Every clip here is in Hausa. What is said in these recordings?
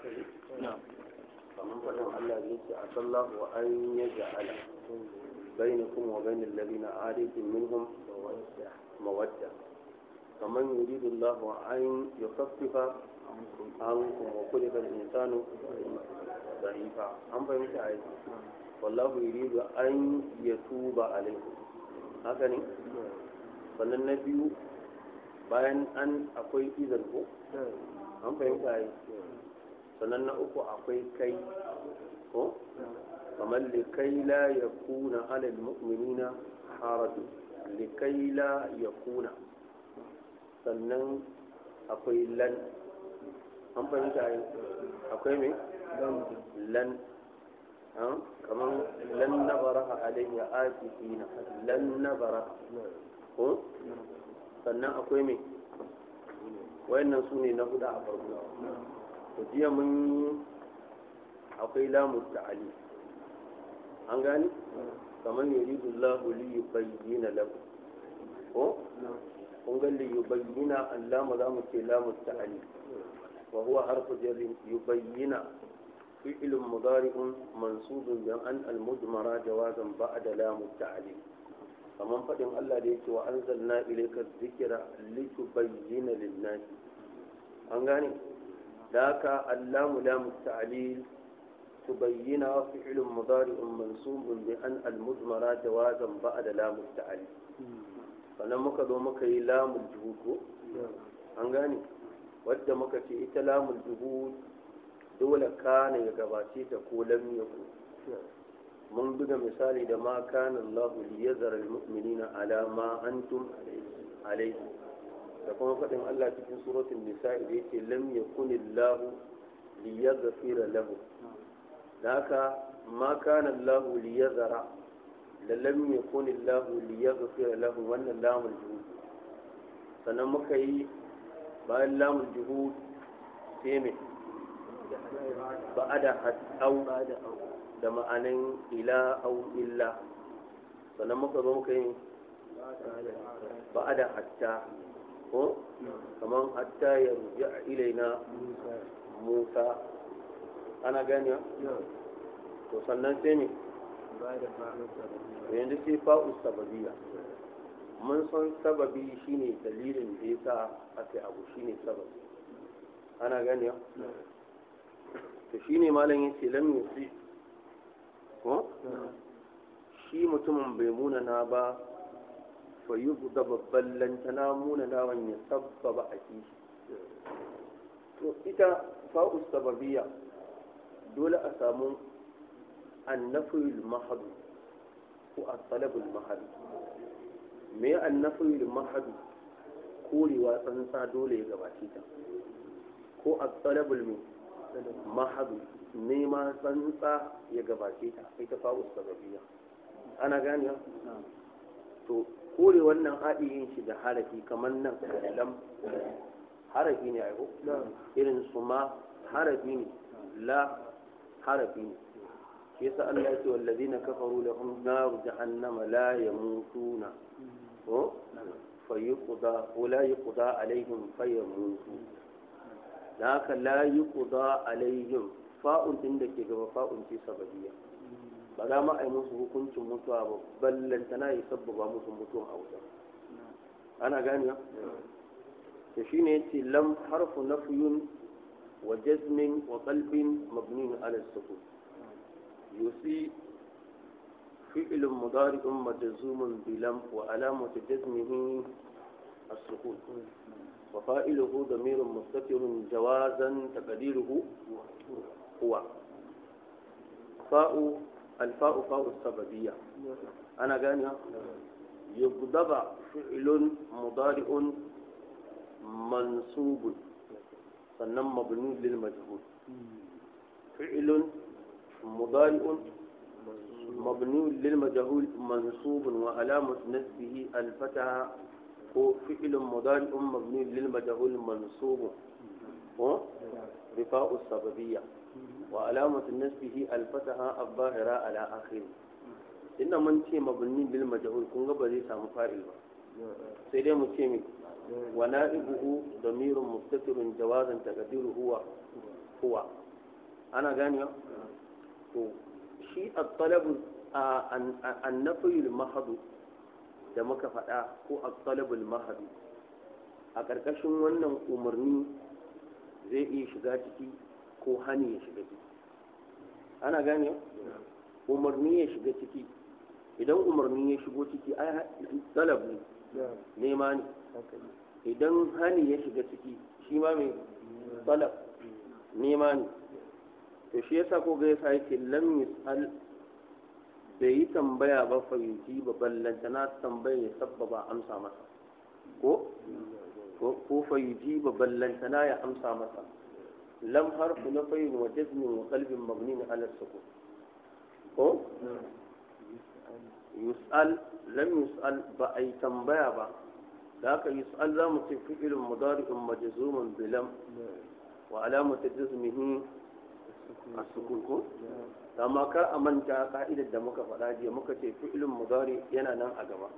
kamar faɗin Allah ne ce a sallahu wa an ya ja'ala bainakum wa bainal ladina adaikum minhum mawadda kaman yuridu Allah an yukaffifa ankum wa kulika al-insanu da'ifa an fahimta a yi wallahu yuridu an yatuba alaikum haka ne sannan na biyu bayan an akwai izar ko an fahimta a yi sannan na uku akwai kai ko kamar likai la ya kuna alal mu'minina haraju likai la ya kuna sannan akwai lan an fahimta yi akwai mai lan kamar lan na baraha alayya asifina lan na baraha ko sannan akwai mai wayannan su ne na huda a farko jiya mun akwai lamu Ali, an gani kamar yuridu Allahu li yubayyana lahu ko kun ga li yubayyana allama mu ce lamu ta'ali wa huwa harfu jarrin yubayyana fi'lun mudari'un mansubun bi an al-mujmara jawazan ba'da lamu Ali. kamar faɗin Allah da yake wa anzalna ilayka dhikra litubayyana lin-nasi an gane ذاك اللام لام التعليل تبين فعل مضارع منصوب بأن المضمرة جوازا بعد لام التعليل sannan muka zo muka yi lamun juhudu an gane wadda muka ce ita lamun dole kana ya gabace ta ko lam yaku mun buga misali da ma kana Allah liyazara almu'minina da kuma faɗin Allah cikin suratul nisa da yake lam yakunillahu liyaghfira lahu da haka ma kana Allah liyazara da lam yakunillahu liyaghfira lahu wannan lamul juhud sannan muka yi bayan lamul juhud sai me ba'ada au da ma'anin ila au illa sannan muka zo muka yi ba'ada hatta ko kaman hatta ya ruja ilaina musa ana gani to sannan sai ne yanzu sai fa'u sababiya mun san sababi shine dalilin da ya sa aka abu shine sababi ana gani to shine malam yace lam yusi ko shi mutumin bai munana ba fa yi da babban lantana muna nawan ya sabbaba a kishi to ita fa'u sababiya dole a samu annafiyul mahadu ko a talabul mahadu me annafiyul mahadu korewa tsantsa dole ya gabace ta ko a talabul mahadu nema tsantsa ya gabace ta ita fa'u sababiya ana gani to kore wannan haɗi yin shi da harafi kamar nan lam harafi ne aiko irin su ma harafi ne la harafi ne shi yasa Allah ya ce wallazi na kafaru lahum naru jahannama la na? ko fayuqda wala yuqda alaihim mutu? da haka la yuqda alaihim fa'un din da ke gaba fa'un ce sabadiyya بدا ما اي موسو كنت موتو ابو بل لن تناي سبب موسو موتو او انا غانيا شيء نتي لم حرف نفي وجزم وقلب مبني على السكون يسي فعل مضارع مجزوم بلم وعلامة جزمه السكون وفائله ضمير مستتر جوازا تقديره هو فاء الفاء فاء السببية أنا جاني يقدب فعل مضارع منصوب فنم مبني للمجهول فعل مضارع مبني للمجهول منصوب وعلامة نسبه الفتح فعل مضارع مبني للمجهول منصوب بفاء السببية وعلامة نسبه الفتحة الظاهرة على آخره إن من شيء مبني بالمجهول كنغ بذي سام فاعل سيدي من ونائبه ضمير مستتر جوازا تقدير هو هو أنا غانيا شيء الطلب النفي المحض da muka faɗa ko a talibul mahadu a ƙarƙashin wannan umarni zai iya shiga ciki ko hani ya shiga ciki ana gane umarni ya shiga ciki idan umarni ya shigo ciki ai talab ne nema ne idan hani ya shiga ciki shi ma mai talab nema ne to shi yasa ko ga yasa yake lam yusal bai yi tambaya ba fahimci ba ballanta na tambaya ya sabbaba amsa masa ko ko fahimci ba ballanta na ya amsa masa lam harfu na fayin wa jazmin wa kalbin mabnin ala sukun ko yus'al lam yus'al ba a yi tambaya ba da haka yus'al za mu ce fi'ilun mudari'un majzumun bilam wa alamatu jazmihi as-sukun Da ma kar a manta ka'idar da muka faɗa jiya muka ce fi'ilun mudari yana nan a gaba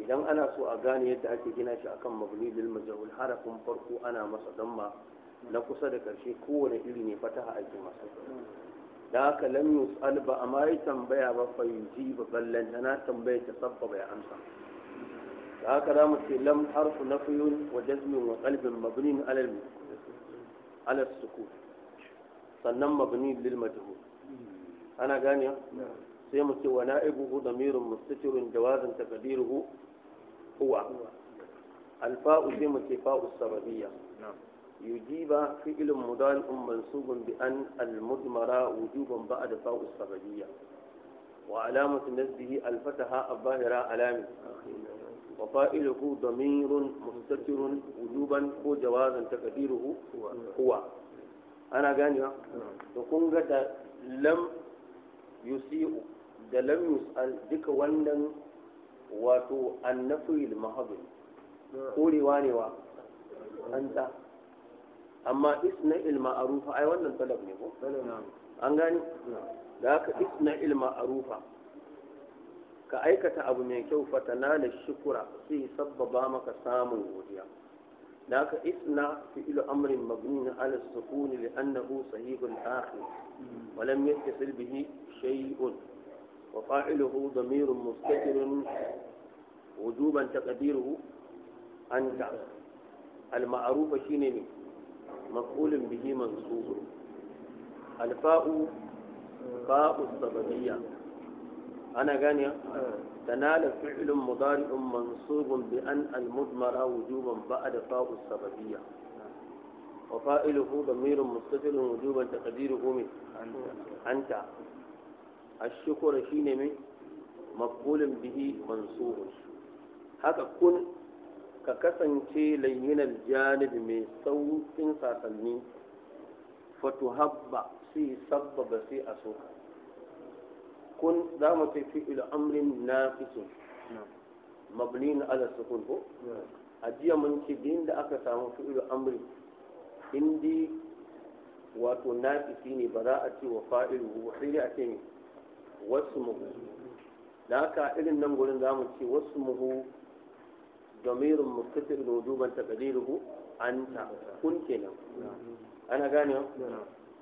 idan ana so a gane yadda ake gina shi akan mabni lil majhul harafin farko ana masa damma na kusa da ƙarshe kowane iri ne a aikin masu. da haka lam yus'al ba amma yi tambaya ba fa yuji ba ballanta na tambaya ta sabba ya amsa da haka za mu ce lam harfu nafiyun wa jazmin wa qalbin mabnin alal ala sukun sannan mabni lil majhul ana gane sai mu ce wa na'ibuhu damirun mustatirun jawazan taqdiruhu huwa alfa'u sai mu ce fa'u sababiyya na'am يجيب فعل مضارع منصوب بأن المضمرة وجوبا بعد فاء السببية وعلامة نسبه الفتحة الظاهرة علامة وفائله ضمير مستتر وجوبا هو جوازا تقديره هو أنا قاني تكون قد لم يسيء da lam yus'al duka wannan wato annafi al-mahdud korewa ne wa anta أما إثنى المعروفة أي وانا طلب نعم أنغاني ذاك إثنى المعروفة كأيكة أبو ميكيو فتنال الشكرة في سبب بامك سامو وديا ذاك إثنى في إلو أمر مبنين على السكون لأنه صحيح الآخر ولم يتصل به شيء وفاعله ضمير مستتر وجوبا تقديره أنت المعروف شيني منه مفعول به منصوب الفاء فاء السببية أنا غانية تنال فعل مضارع منصوب بأن المضمر وجوبا بعد فاء السببية وفائله ضمير متصل وجوبا تقديره من أنت الشكر شين من مقبول به منصوب هذا كن ka kasance layyinar janibi mai saukin sasanni fatu habba sai sabbaba sai a so kun za mu ila amrin na fito mabni na ala sukun ko a jiya mun ce din da aka samu ila amri indi wato na nafisi ne ba za a ce wa fa'ilu ba sai dai a ce wasu muhu da haka irin nan gurin za mu ce wasu muhu ضمير متصل وجوبا تقديره أنت كنت أنا قاني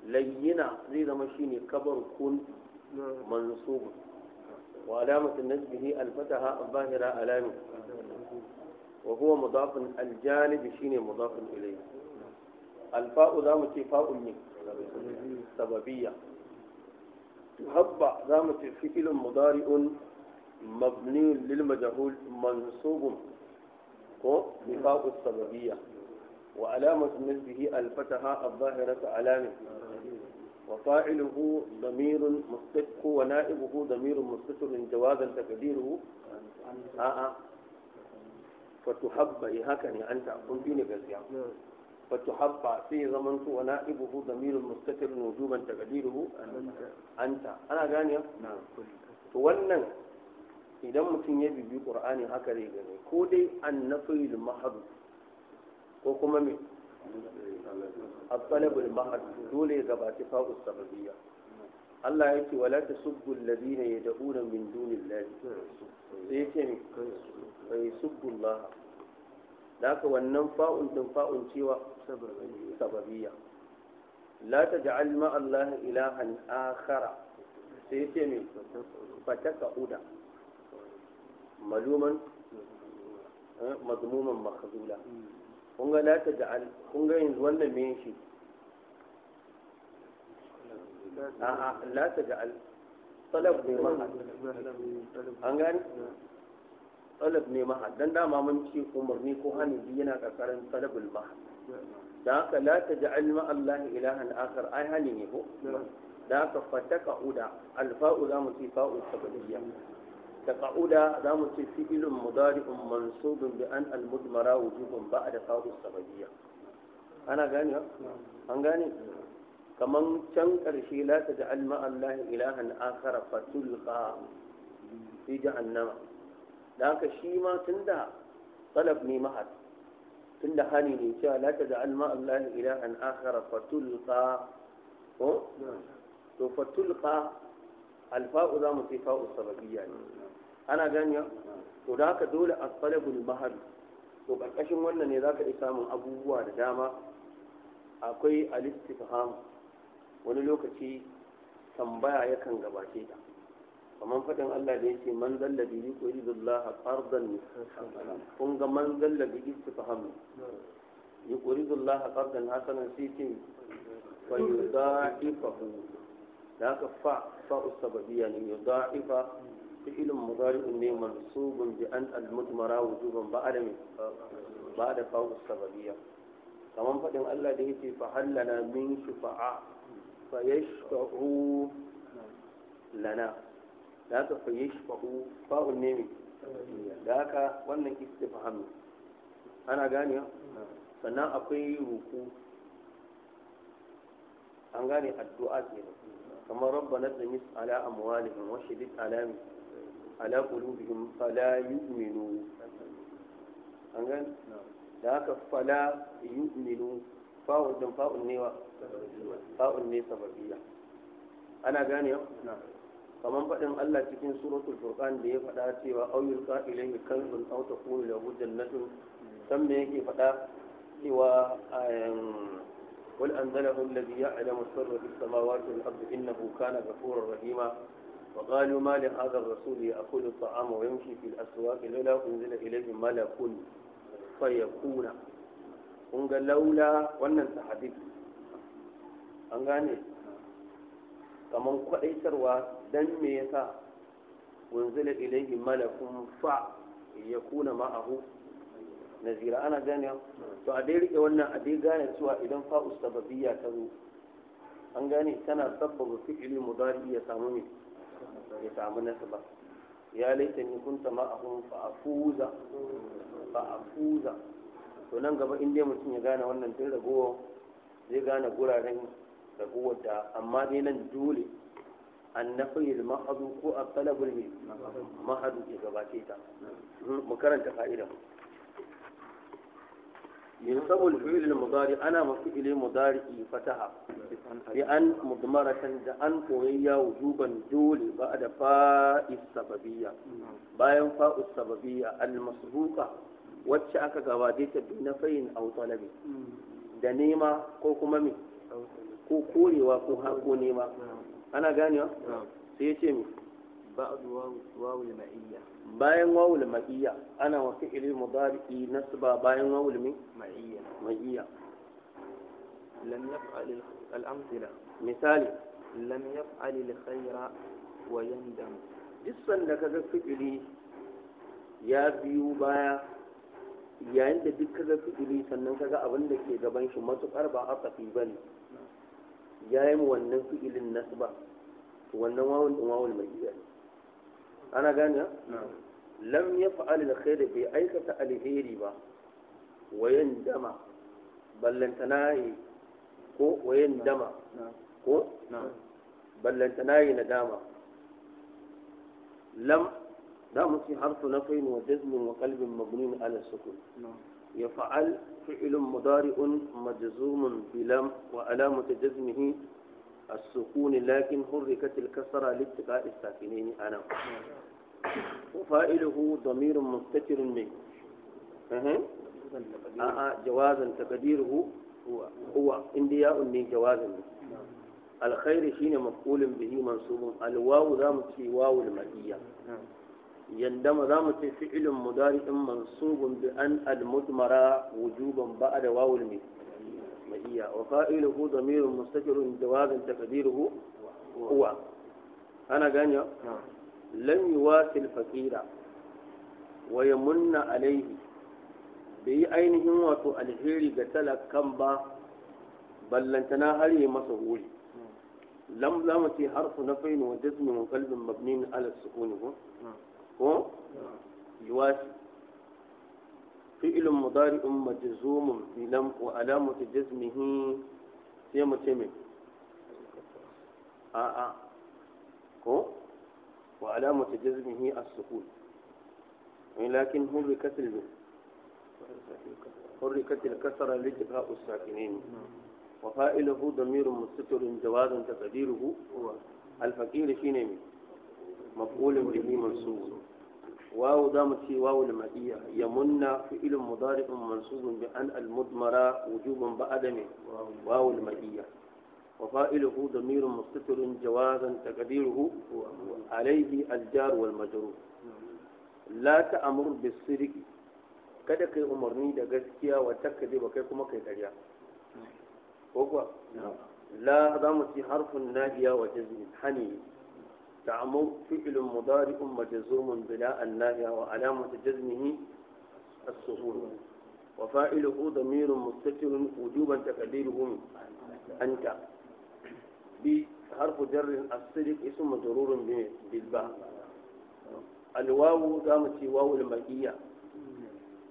لينا زي ما شيني كبر كن منصوب وعلامة النسب هي الفتحة الظاهرة علامة وهو مضاف الجانب شيني مضاف إليه الفاء دام فاء من سببية هب ذامتي فعل مضارئ مبني للمجهول منصوب ko nifaqu sababiyya wa alamatu nisbihi al-fataha adh-dhahiratu alamin وفاعله ضمير مستتر ونائبه ضمير مستتر جوازا تقديره آه فتحب هكذا أنت أقول فيني بزيا فتحب في زمن ونائبه ضمير مستتر وجوبا تقديره أنت أنا جانيا نعم تولن idan mutum ya bibi ƙur'ani haka zai gani ko dai annafil mahadu ko kuma me abbalabul mahadu dole ya gabaci fa'us sababiyya Allah ya ce wala tasubbu alladhina yad'una min dunillahi sai ya ce me kai subbu Allah da haka wannan fa'un din fa'un cewa sababiyya la taj'al ma Allah ilahan akhara sai ya ce me fataka uda maluman mazmuman makhzula kun ga la taj'al kun ga yanzu wannan me shi a'a la taj'al talab ne ma an gani talab ne ma dan dama mun ce ne ko hani yana karkarin talabul mahad da haka la taj'al ma Allah ilahan akhar ai hani ne ko da haka fataka uda alfa'u mu ci fa'u sabadiyya تقعد دام فعل مضارع منصوب بأن المدمرة وجوب بعد قاء السببية أنا غاني أنا غاني كمان كان قرشي لا تجعل مع الله إلها آخر فتلقى في جهنم ذاك شيما تندى طلب ني مهد تندى هاني ني لا تجعل مع الله إلها آخر فتلقى أو فتلقى الفاء ذا متفاء السببية يعني ana ganiya to da haka dole a talabul mahar to ƙarƙashin wannan ne za ka iya samun abubuwa da dama akwai fahamu wani lokaci tambaya yakan gabace ta kamar faɗin Allah da yake man zalla bi yuqridullaha qardan kun ga man zalla bi istifham yuqridullaha qardan hasanan sai ce fa yudaifahu da haka fa fa usabbiya ne yudaifa فعل مضارع منصوب بأن المدمرة وجوبا بعد بعد فوق السببية كمان فدن الله ده في فهل لنا من شفعاء فيشفعوا لنا ذاك فيشفعوا فاء النمي ذاك wannan istifham ana gane sannan akwai ruku an gane addu'a kenan kamar rabbana tamis ala amwalihim wa shidid alamihim ala qulubihim fala yu'minu an gan da haka fala yu'minu fa'un din fa'un ne wa fa'un ne sababiyya ana gane yau kamar faɗin Allah cikin suratul furqan da ya faɗa cewa aw yulqa ilayhi kanzun aw taqulu lahu jannatun san me yake faɗa cewa قل أنزله الذي يعلم السر في السماوات والأرض إنه كان غفورا رحيما وقالوا ما لهذا الرسول يأكل الطعام ويمشي في الأسواق لولا أنزل إليه ملك فيكون kun ga laula wannan sahabi an gane kamar kwaɗaitarwa don me yasa wanzila ilaihi malakun fa ya kuna ma'ahu nazira ana gane to a dai riƙe wannan a dai gane cewa idan fa ustababiyya ta zo an gane tana sabbaba fi'ili mudari ya samu mai ya samu nasaba ya laita ni kun ta fa fa'afuza to nan gaba in dai mutum ya gane wannan tun ragowa zai gane guraren ragowar da amma dai nan dole an nafi ma'azu ko a talabul ma'azu ya gabace ta mu karanta fa'idan من قبل فعل المضارع أنا مفعل مضارع فتحة بأن مضمرة أن قوية وجوبا دول بعد فاء السببية باين فاء السببية المسبوقة wacce aka gabace ta na fayin au talabi da nema ko kuma me ko korewa ko hako nema ana ganewa بعد واو المعية باين واو المعية أنا وفعل مضارئي نسبة باين واو المعية معية لم يفعل الأمثلة مثال لم يفعل الخير ويندم جسا لك فعلي يا بيو بايا yayin da duk kaga fi'ili sannan ga abin da ke gaban shi matukar ba asafi ba ne yayin wannan fi'ilin nasba wannan wawun ɗin wawul mai أنا قال نعم لم يفعل الخير في أي كتأل هيربا ويندم بل انتناهي نعم. نعم بل انتناهي ندامة لم دام في حرف نفي وجزم وقلب مبني على السكون نعم. يفعل فعل مضارئ مجزوم بلم وعلامة جزمه السكون لكن حركت الكسرة لاتقاء الساكنين أنا وفائله ضمير مستتر منه أه. آه جوازا تقديره هو هو اندياء من جوازا الخير حين مفعول به منصوب الواو ذا في واو المئية يندم ذا في فعل مضارع منصوب بأن المدمرة وجوبا بعد واو المئية مئية وفائله ضمير مستجر جواز تقديره هو أنا قاني نعم. لم يواسي الفقير ويمن عليه بي أينهم واتو الهيري قتل كمبا بل لن تناهلي مسهولي نعم. لم لمتي حرف نفين وجزم وقلب مبني على السكون نعم. هو, هو يواسي fi'ilun mudari'un majzumun bilam wa alamatu jazmihi sai mu ce mai a'a ko wa alamatu jazmihi as-sukun lakin hurrikat al حركت الكسر لجفاء الساكنين وفائله ضمير مستتر جواز تقديره الفقير شينمي مفعول به منصوب واو دامتي واو المائية يمنى فعل مضارع منصوب بأن المضمرة وجوبا بأدمه واو المائية وفائله ضمير مستتر جوازا تقديره عليه الجار والمجرور لا تأمر بالسرق kada kai umarni وتكذب gaskiya wa takkaje ba kai kuma kai ƙarya ko kuwa تعمر فعل مضارع مجزوم بلا الناهية وعلامة جزمه السهول وفاعله ضمير مستتر وجوبا تقديره أنت بحرف جر الصدق اسم مجرور بالباء الواو دامت واو المائية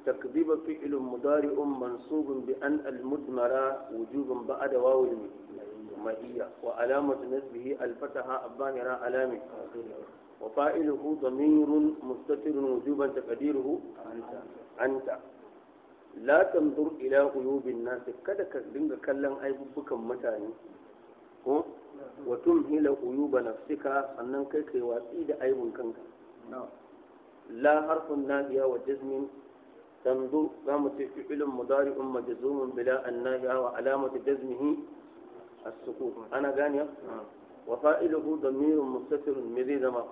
تكذيب فعل مضارع منصوب بأن المدمرة وجوبا بعد واو المائية مائية وعلامة نسبه الفتحة الظاهرة علامة وفائله ضمير مستتر وجوبا تقديره أنت لا تنظر إلى قلوب الناس كذا كدنك كلم أي بك متاني وتمهل قلوب نفسك أنك كي واسيد أي كنك لا حرف ناهية وجزم تنظر قامت فعل مضارع مجزوم بلا الناهية وعلامة جزمه السكون أنا جانية وفائله ضمير مستتر مذي دما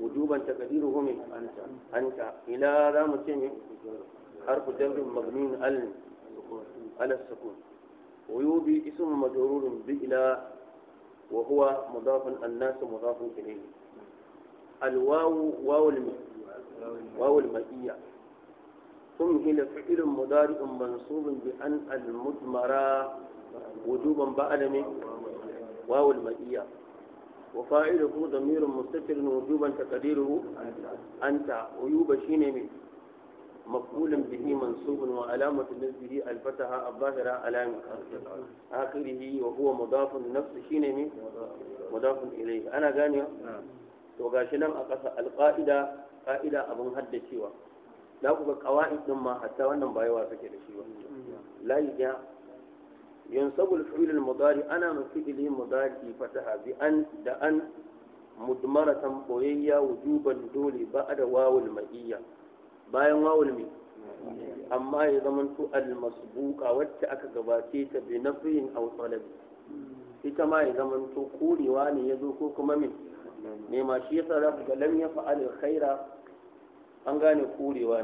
وجوبا تقديره من أنت إلى ذا متين حرف جر مبني ال على السكون ويوبي اسم مجرور بإلى وهو مضاف الناس مضاف إليه الواو واو المي واو المئية تمهل فعل مضارع منصوب بأن المدمرة وجوبا بعد من واو المئية وفاعله ضمير مستتر وجوبا تقديره أنت عيوب شين مقبول به منصوب وعلامة نزله الفتحة الظاهرة علامة آخره وهو مضاف نفس شين مضاف إليه أنا قاني وقاشنا أقصى القائدة قائدة أبن هدى سوى za ku ga kawai din ma hatta wannan bai wa suke da shi ba la ya yansabu al-fi'l al-mudari ana min li mudari fataha bi an da an mudmaratan boyayya wujuban dole ba da wawul ma'iyya bayan wawul mi amma ya zamanto al-masbuqa wacce aka gabace ta bi nafiyin aw talabi ita ma ya zamanto korewa ne ya zo ko kuma min ne ma shi yasa za ku ga lam ya fa'al khaira an gane korewa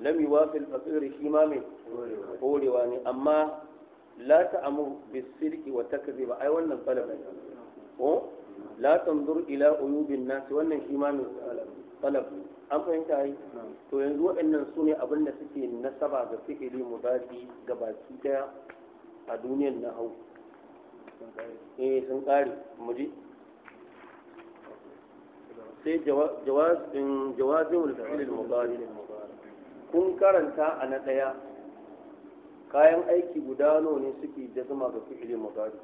ne wa yuwafil fasir shi ma mai korewa ne amma la ta'amu bisirki wa takziba ai wannan talaba ne ko la tanzur ila uyubin nasi wannan shi ma mai talab an fahimta yi to yanzu waɗannan su ne abin da suke nasaba ga fi'ili mudadi ga baki daya a duniyar na hau eh sun kare mu ji. sai jawazin ulfi'il mudari kun karanta a na ɗaya kayan aiki guda ne suke jazma ga fi'il mudari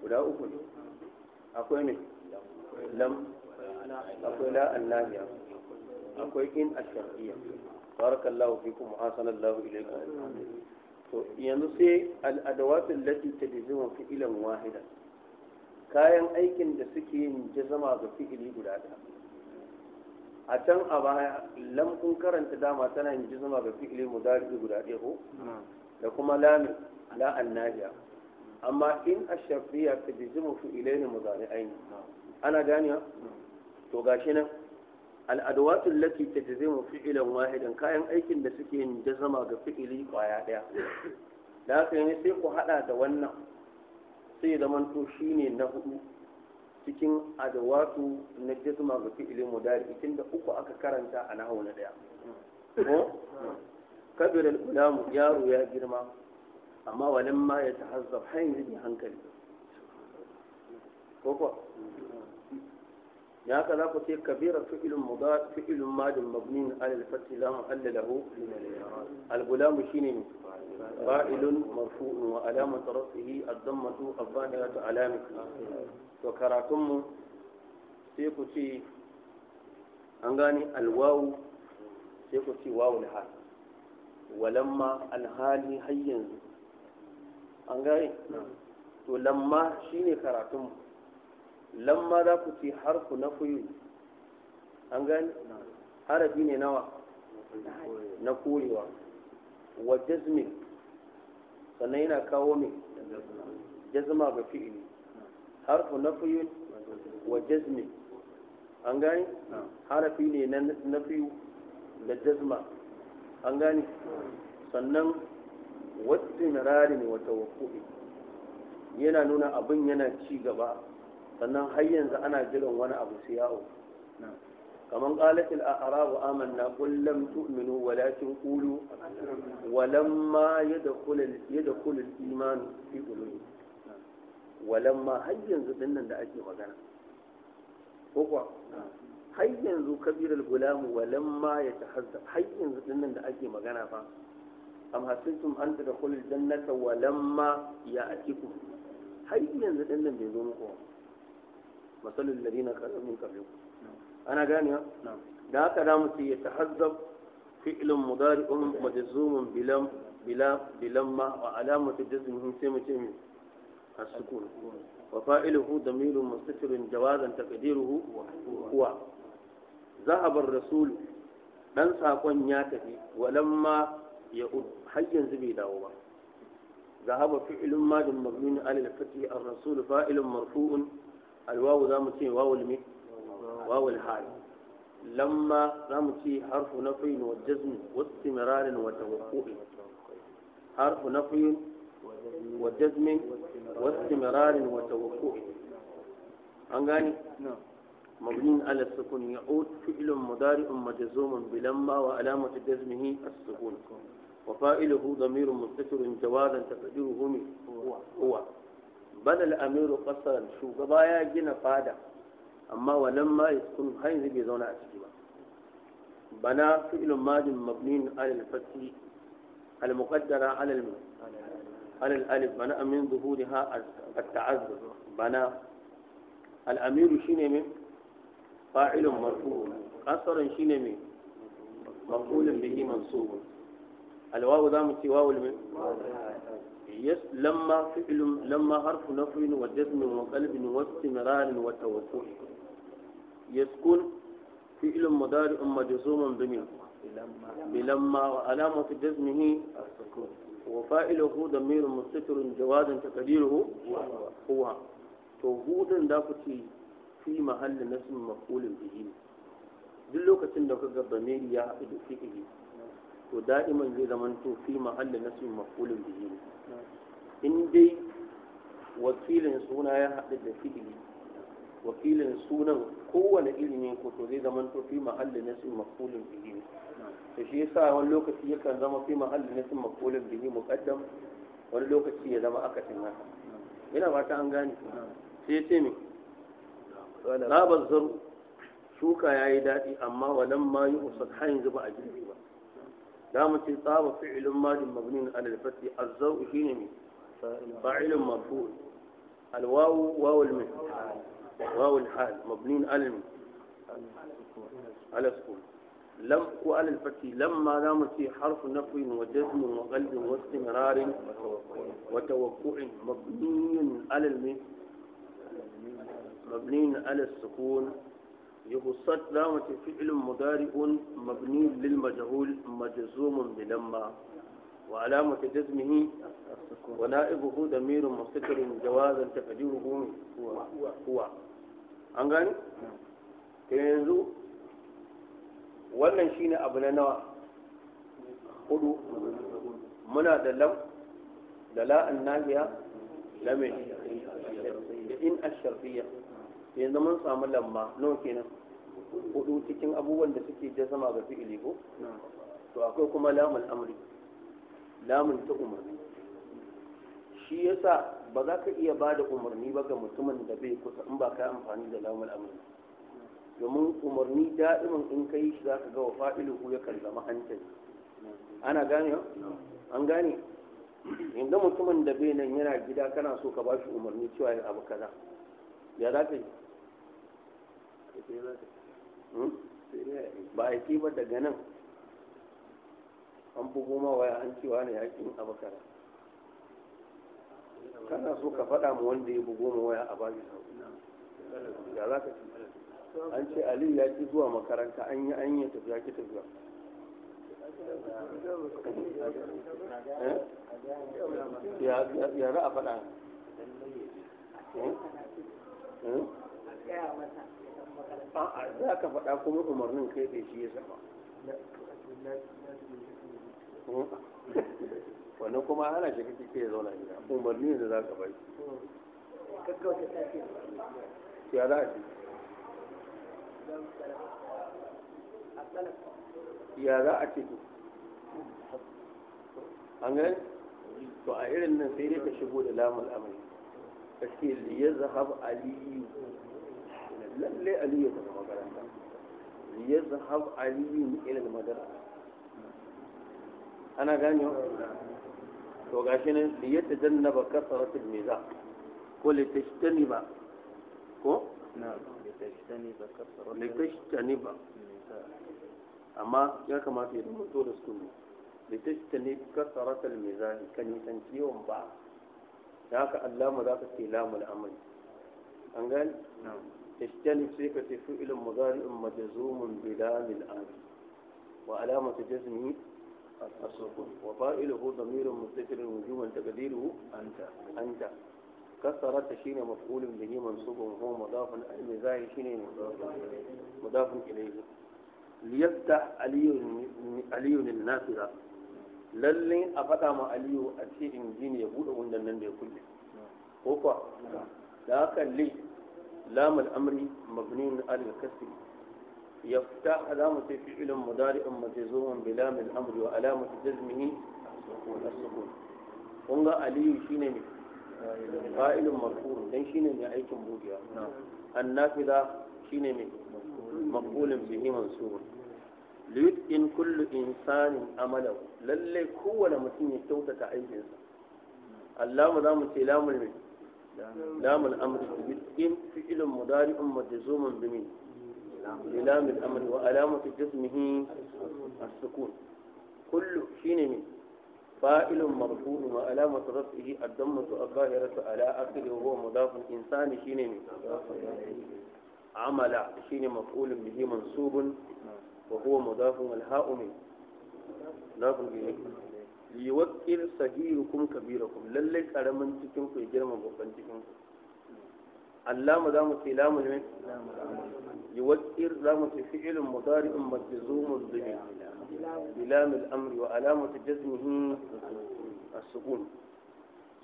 guda uku ne akwai ne lam akwai la annahiya akwai in ashariya barakallahu fikum wa hasanallahu ilaykum to yanzu sai al'adawatin lati ta jizima fi'ilan wahida kayan aikin da suke yin jazama ga fi'ili guda ɗaya a can a baya lamkun karanta dama tana yin jazama ga fi'ili mudari guda ɗaya ko da kuma lamin la annabiya amma in ashafiya ta jizima mudari mudari'aini ana ganewa to gashi nan al'adawatun lati ta ta zai fi'ilan wahidan kayan aikin da suke yin jazama ga fi'ili kwaya ɗaya da haka sai ku haɗa da wannan sai zamanto shi ne na hudu cikin adawatu na jazma ga fi'ilin mudari itin da uku aka karanta a nahawu na ɗaya ko kabiral yaro ya girma amma walin ma ya tahazzab har hanyar hankali ko kuwa da haka za ku ce kabira fi'ilun mudar fi'ilun madin mabnin alal fatti za mu hallalahu al-gulamu shine ne fa'ilun marfu'un wa alamat rasihi ad-dammatu abbaniyatu alamat to karatun mu sai ku ce an gane alwawu sai ku ce wawu hal walamma alhali har yanzu an gane to lamma shine karatun mu lamma za ku ce harfu na kuyu an gani harafi ne nawa na korewa wa jazmi sannan yana kawo mai jazma ga fi'ili harfu na kuyu wa jazmi an gani harafi ne na fiyu da jazma an gani sannan wattin rarin ne wata wakobi yana nuna abin yana ci gaba sannan har yanzu ana jiran wani abu su yawo kaman qalatil a'rabu amanna qul kullum tu'minu walakin qulu walamma yadkhul yadkhul al-iman fi qulubi walamma har yanzu dinnan da ake magana ko kuwa har yanzu kabir al-gulam walamma yatahazzab har yanzu dinnan da ake magana fa am hasibtum an tadkhulul jannata walamma ya'tikum har yanzu dinnan bai zo muku ba مثل الذين خلوا من قبلكم نعم. أنا جاني نعم. لا كلام يتحذب فعل مضارع مجزوم بلا بلا بلما وعلامة جزمه سيم سيم السكون وفاعله ضمير مستتر جوازا تقديره هو ذهب الرسول دان ساقون يا تفي ولما يقول حي زبيدا هو ذهب فعل ماد مبني على الفتح الرسول فاعل مرفوع alwawu za mu ce wawul me wawul hal lamma za mu ce harfu nafiyin wa jazmi wa istimrarin wa tawaqqu'in harfu nafiyin wa jazmin wa istimrarin wa tawaqqu'in an gane مبني على السكون يعود فعل مضارع مجزوم بلما وعلامة جزمه السكون وفائله ضمير مستتر جوازا تقديره هو, هو. بل الأمير قصر الشوغبا يا جن فادا أما ولما يسكن حيث بيزون أسجبا بنا فعل ماد مبني على الفتح المقدرة على الم... على الألف بنا من ظهورها التعذر بنا الأمير شنمي فاعل مرفوع قصر شنمي مقول به منصوب الواو دام سواو الم... يس لما فعل لما حرف نفي وجزم وقلب واستمرار وتوسل يسكن فعل مضارع مجزوم بمن بلما وعلامة جزمه السكون وفاعله ضمير مستتر جواد تقديره هو هو دافتي في محل نسم مفعول به دلوك تندك ضمير يعقد فيه to da'iman zai zama to fi mahalli nasbin maf'ulun bihi ne in dai wakilin suna ya haɗu da fi'ili wakilin sunan kowane ilimi ko to zai zama to fi mahalli nasbin maf'ulun bihi ne Da shi yasa wani lokaci yakan zama fi mahalli nasbin maf'ulun bihi muqaddam wani lokaci ya zama akasin haka ina fata an gane sai ya ce me babar zaru shuka yi daɗi amma walan ma yi usat har yanzu ba a girbe دام تطاب فعل ماضي مبني على الفتح الزوء شنو فاعل مفعول الواو واو المن واو الحال مبني على على السكون لم وعلى الفتح لما دام في حرف نفي وجزم وقلب واستمرار وتوقع مبني على المن مبني على السكون يبسط لامة فعل مضارع مبني للمجهول مجزوم بلما وعلامة جزمه ونائبه ضمير مستقر جوازا تقديره هو هو an gani ta yanzu wannan shine abu na nawa hudu muna da lam da la'an nahiya lamin da in asharfiya yanzu mun samu lamma nawa kenan hudu cikin abubuwan da suke jazama ga fi'ili ko to akwai kuma lamun amri lamun ta umarni shi yasa ba za ka iya ba da umarni ba ga mutumin da bai kusa in ba ka amfani da lamun amri domin umarni da'imin in ka yi shi za ka ga wa ko ya kallama hankali ana gane an gane inda mutumin da bai nan yana gida kana so ka ba shi umarni cewa ya abu kaza ya za ka yi ba a yi ba daga nan an bugu ma waya an cewa ne yakin abakara kana so ka faɗa ma wanda ya bugu ma waya a baki ya za ka an ce aliyu ya ki zuwa makaranta an yi an yi tafiya ki eh? tafiya ya za a faɗa eh? Eh? a'a za ka faɗa kuma umarnin kai da shi ya sama wannan kuma ana shi kake kai zauna gida umarni ne za ka bai ya za a ce ya za a ce an gani to a irin nan sai dai ka shigo da lamun amai ka ce liyar zahab aliyu lalle ali ya zama makaranta ya zahab ali yin ilil madara ana gane to ga shi ne da gashi nan liyata jannaba kasaratul miza ko ba ko na litashtaniba kasaratul ba amma ya kamata ya zama to da su ne litashtani kasaratul miza kan yi san ciwon ba da haka allama za ka ce lamul amali an gani? na'am اجتنب سيكة فعل مضارع مجزوم بلام الآن وعلامة جزمه السكون وفائله ضمير مستتر وجوما تقديره أنت أنت كسرت شين مفعول به منصوب وهو مضاف المزاي شين مضاف إليه ليفتح علي علي النافذة lallai a faɗa ma aliyu a ce in ji ne ya لكن ليه لام الأمر مبني على الكسر يفتح علامة فعل مضارع مجزوم بلام الأمر وعلامة جزمه السكون قلنا علي شين قائل مرفوع دين شين من أيكم بوديا نعم. النافذة شين من مقبول به منصوب إن كل إنسان عمله للي ولا متين يتوتى عيشه اللام لام سلام المن لام الأمر بإن فعل مضارع مجزوم بمن لام الأمر وألامة جزمه السكون كل شين من فائل مرفوع وألامة رفعه الضمة الظاهرة على آخره وهو مضاف إنسان شين من عمل شين مفعول به منصوب وهو مضاف الهاء من نافع liwakir sahirukum kabirakum lallai karamin cikin ku girma babban cikin ku allama za mu ce lamu ne yuwakkir za mu ce fi'ilun mudari'un majzumun bihi bilam amri wa alamatu jazmihi as-sukun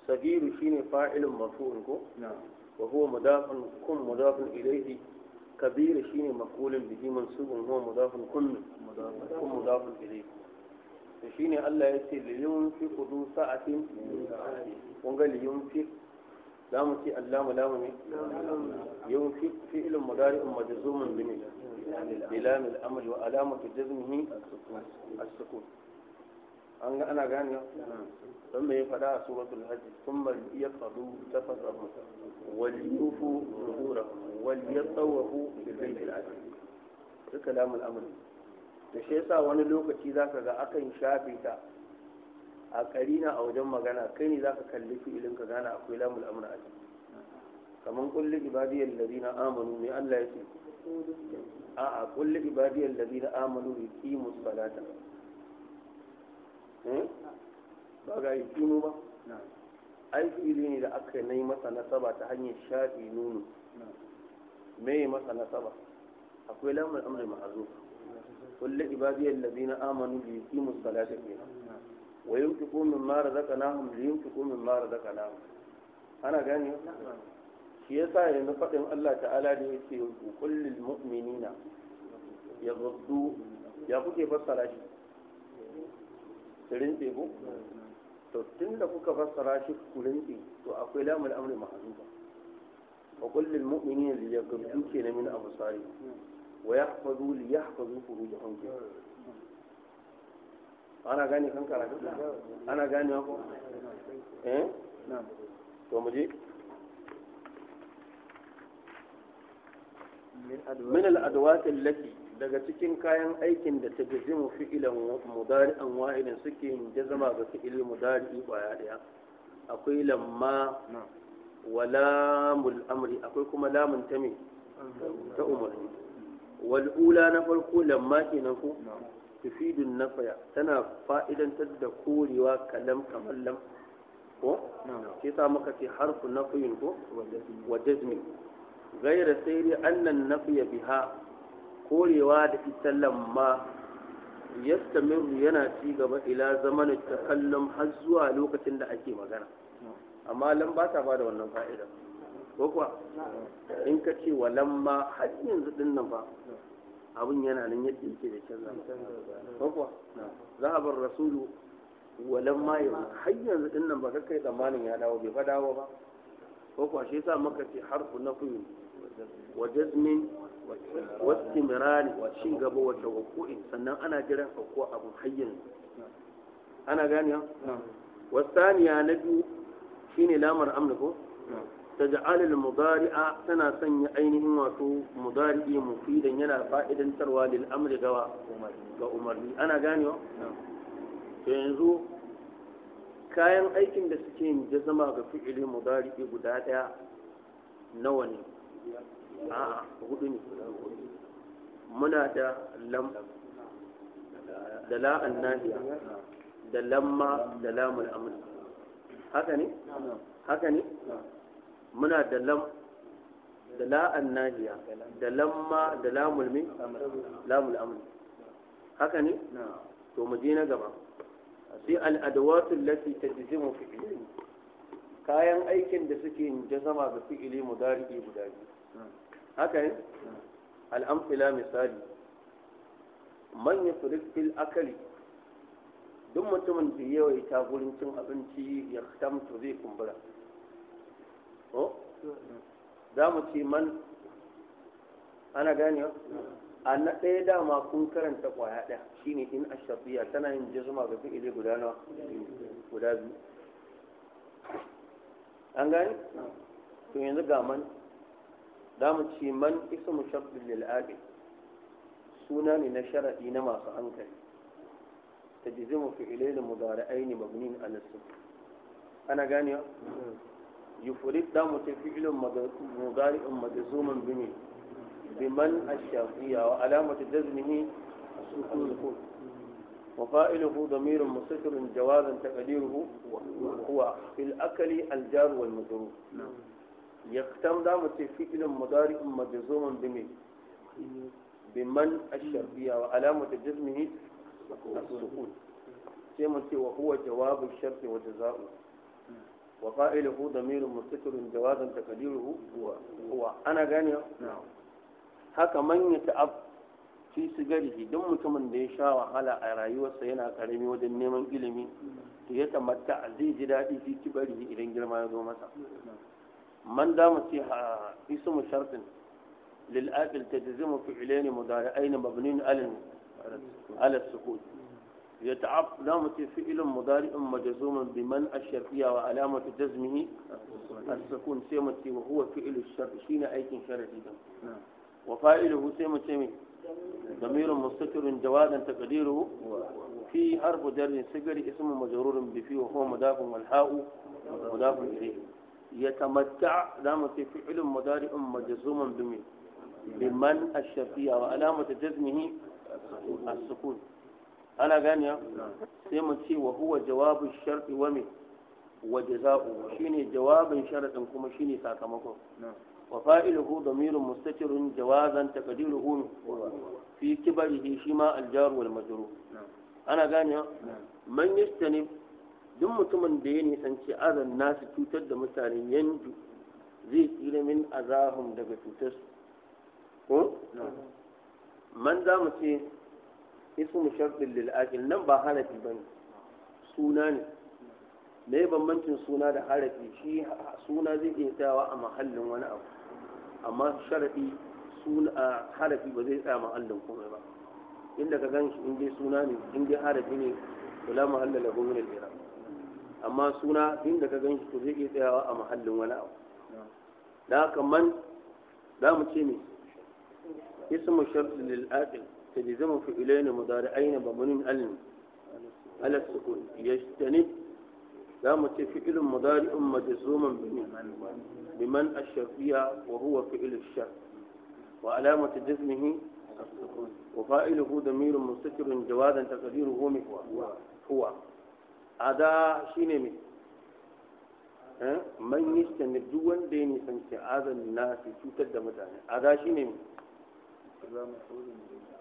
sagiru shine fa'ilun marfu'un ko wa huwa mudafun kun mudafun ilayhi kabira shine maf'ulun bihi mansubun huwa mudafun kun mudafun ilayhi shine Allah ya ce liyun fi kudu sa'atin kun ga liyun fi za mu Allah mu lamu ne yun fi fi mudari um majzumun bi ne bilam al-amr wa alamatu jazmihi as-sukun an ga ana gani ne don me ya faɗa a suratul hajj thumma yaqdu tafasahu wal yufu zuhurahum wal yatawafu bil bayt al atiq duka lamul amr da shi yasa wani lokaci za ka ga akan shafe ta a karina a wajen magana kai ne za ka kalli fi'ilin ka gana akwai lamul amra a ciki kamar kulli ibadiyar ladina amanu mai Allah ya ce a'a kullu ibadiyar ladina amanu yuqimu salata eh? ba ga yuqimu ba ai fi'ili ne da aka nai masa nasaba ta hanyar shafe nuno me masa nasaba akwai lamul mai ma'azuf kulli ibadiyal ladina amanu li yuqimu salata kenan wa yunfiqu mimma razaqnahum li yunfiqu mimma razaqnahum ana gane shi yasa yanzu faɗin Allah ta'ala da yake kullil mu'minina ya zuddu ya kuke fassara shi sirin ko to tun da kuka fassara shi kurinki to akwai lamul amri mahazuba wa kullil mu'minina li yaghuddu kenan min absari ويحفظوا ليحفظوا فروجهم yahfazu furujahum ana gane kan karatu ana gane ko نعم to mu من min التي daga cikin kayan aikin da ta jazimu fi'ilan an wahidin suke yin jazama ga fi'ili mudari'i kwaya daya akwai lamma wa lamul amri akwai kuma lamun ta ta umarni wal'ula na farko lamma kenan ko tufidun faya tana fa'idantar da korewa kalam kamar lam ko ke sa muka ce harfu nafiyin ko wa gaira sai dai annan nafiya biha korewa da ita lamma yastamiru yana ci gaba ila ta kallon har zuwa lokacin da ake magana amma lam ba ta ba da wannan fa'ida ko kuwa in ka ce walan ma har yanzu din nan ba abin yana nan yadda yake da canza ko kuwa za a bar rasulu walan ma yanzu har yanzu din nan ba ka kai tsammanin ya dawo bai fa dawo ba ko kuwa shi yasa muka ce harfu na kuyi wa jazmin wa istimrari wa shin gaba wa tawakkuin sannan ana jiran auko abin har ana gane ha wasaniya na biyu shine lamar amna ko تجعل mugari'a tana sanya ainihin وسو mugari'i مفيدا ينا فائدا تروى للأمر جوا كأمر أنا قانيو kayan aikin da suke yin jazama ga fi'ili mudari guda daya nawa ne a'a hudu muna da lam da la'an da lamma da lamul amr haka ne haka ne muna da lam da la'an nahiya da lamma da lamul min lamul amr haka ne to mu je na gaba sai al'adawatu allati tajzimu fi ilmi kayan aikin da suke yin jazama ga fi'ili mudari'i guda biyu haka ne al'amfila misali man ya fil akali duk mutumin da yawaita gurin cin abinci ya tamtu zai kumbura ko za mu ce man ana gane a na ɗaya dama kun karanta ƙwaya ɗaya shine in ashabiya tana yin jazuma ga ile guda nawa guda biyu an gane to yanzu ga man za mu ce man isa mu shabbin lil'aqil suna ne na sharaɗi na masu hankali ta jizimu ile da mu mudari'ai ne mabnin alisu ana ganewa يفرد دام متفعل مضارع مجزوم به بمن الشافية وعلامة جزمه السكون وفائله ضمير مستتر جوازا تقديره هو في الأكل الجار والمجرور يختم دام متفعل مضارع مجزوم به بمن الشافية وعلامة جزمه السكون كما وهو جواب الشرط وجزاؤه وفائله ضمير مستتر جوازا تقديره هو هو انا غني نعم هكا من يتعب fi sigarihi duk mutumin da ya sha wahala a rayuwarsa yana karami wajen neman ilimi to ya tamatta zai ji daɗi fi kibarihi idan girma ya zo masa man da mu ce ismu shartin lil aqil tajzimu fi'lain mudari'ain aini alal ala sukut يتعب يتعلمت فعل مضارع مجزوم بمن الشرطية وعلامة جزمه السكون سيمتي وهو فعل الشر شين أيكن شرطي نعم. وفائله سيمتي ضمير مستتر جوادا تقديره في حرف جر سجر اسم مجرور بفي وهو مضاف والحاء مضاف إليه يتمتع علامة فعل مضارع مجزوم بمن بمن الشرطية وعلامة جزمه السكون ana ganiya sai mu ce wa huwa jawabin sharɗi wa me wa jaza'u shine jawabin sharadin kuma shi ne sakamakon wa fa'iluhu damirun mustatirun jawazan taqdiruhu fi kibarihi shi ma aljar wal majrur ana ganiya man yastani duk mutumin da ya nisanci azan nasu cutar da mutane yanzu zai tsira min azahum daga cutar ko man za mu ce ismu shartin lil aqil nan ba harafi bane suna ne me bambancin suna da harafi shi suna zai iya tsayawa a mahallin wani abu amma sharafi suna harafi ba zai tsaya mahallin komai ba inda ka ganshi in dai suna ne in dai harafi ne to la mahalla lahu min al amma suna inda ka ganshi to zai iya tsayawa a mahallin wani abu da mu ce me ismu shartin lil aqil تجزم فعلين مضارعين مبنون ألم ألا السكون يجتنب لا متفئل مضارع مجزوما بمن بمن الشرطية وهو فئل الشر وعلامة جزمه وفائله ضمير مستتر جوادا تقديره هو هو عدا شيء من man yi sanar duk wanda ya nisanci azan عدا su cutar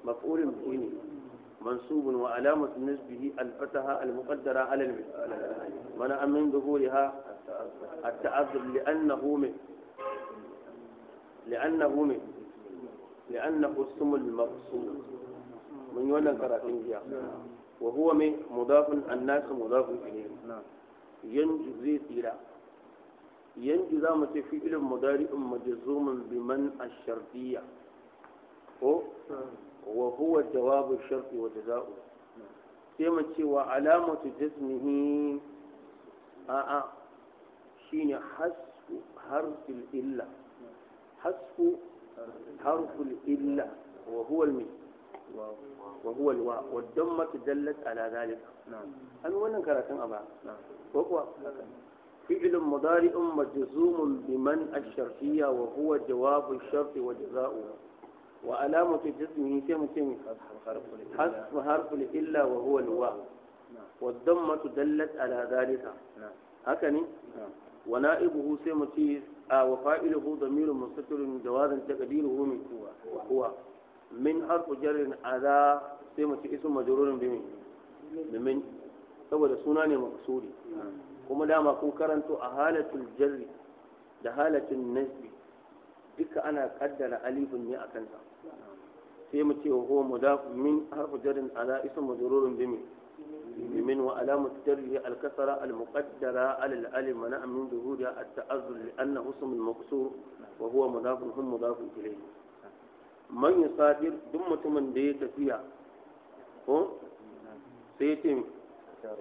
مفعول به منصوب وعلامة نسبه الفتحة المقدرة على المثال منع من ظهورها التعذر لأنه من لأنه من لأنه اسم المقصود من يولى كراتين وهو من مضاف الناس مضاف إليه ينجو زي تيرا ينجو ذا متفئل مجزوم بمن الشرطية وهو جواب الشرط وجزاؤه كما تشوى علامة جسمه آآ شين حسب حرف الإلا حسب حرف الإلا وهو المي وهو الواء والدمة دلت على ذلك نعم أنا وين كراتن أبا نعم وقوة فعل مضارئ مجزوم بمن الشرطية وهو جواب الشرط وجزاؤه وعلامة جسمه كم كم حسب حرف إلا وهو الواء والضمة دلت على ذلك هكني ونائبه سيما تيز آه وفائله ضمير مستتر جواز تقديره من هو هو من حرف جر على سيما اسم مجرور بمن بمن saboda suna ne maksuri kuma dama kun أهالة الجر halatul النسب da أنا قدر أليف مئة kaddara sai mu ce huwa mudaf min harfu jarin ala ism majrurun bi min min wa alamat jarri al kasra al muqaddara al al alif mana amin zuhuriha at ta'azzur li annahu ism al maqsur wa huwa mudaf hum mudaf ilayhi man yusadir duk mutumin da ya tafiya ko sai ya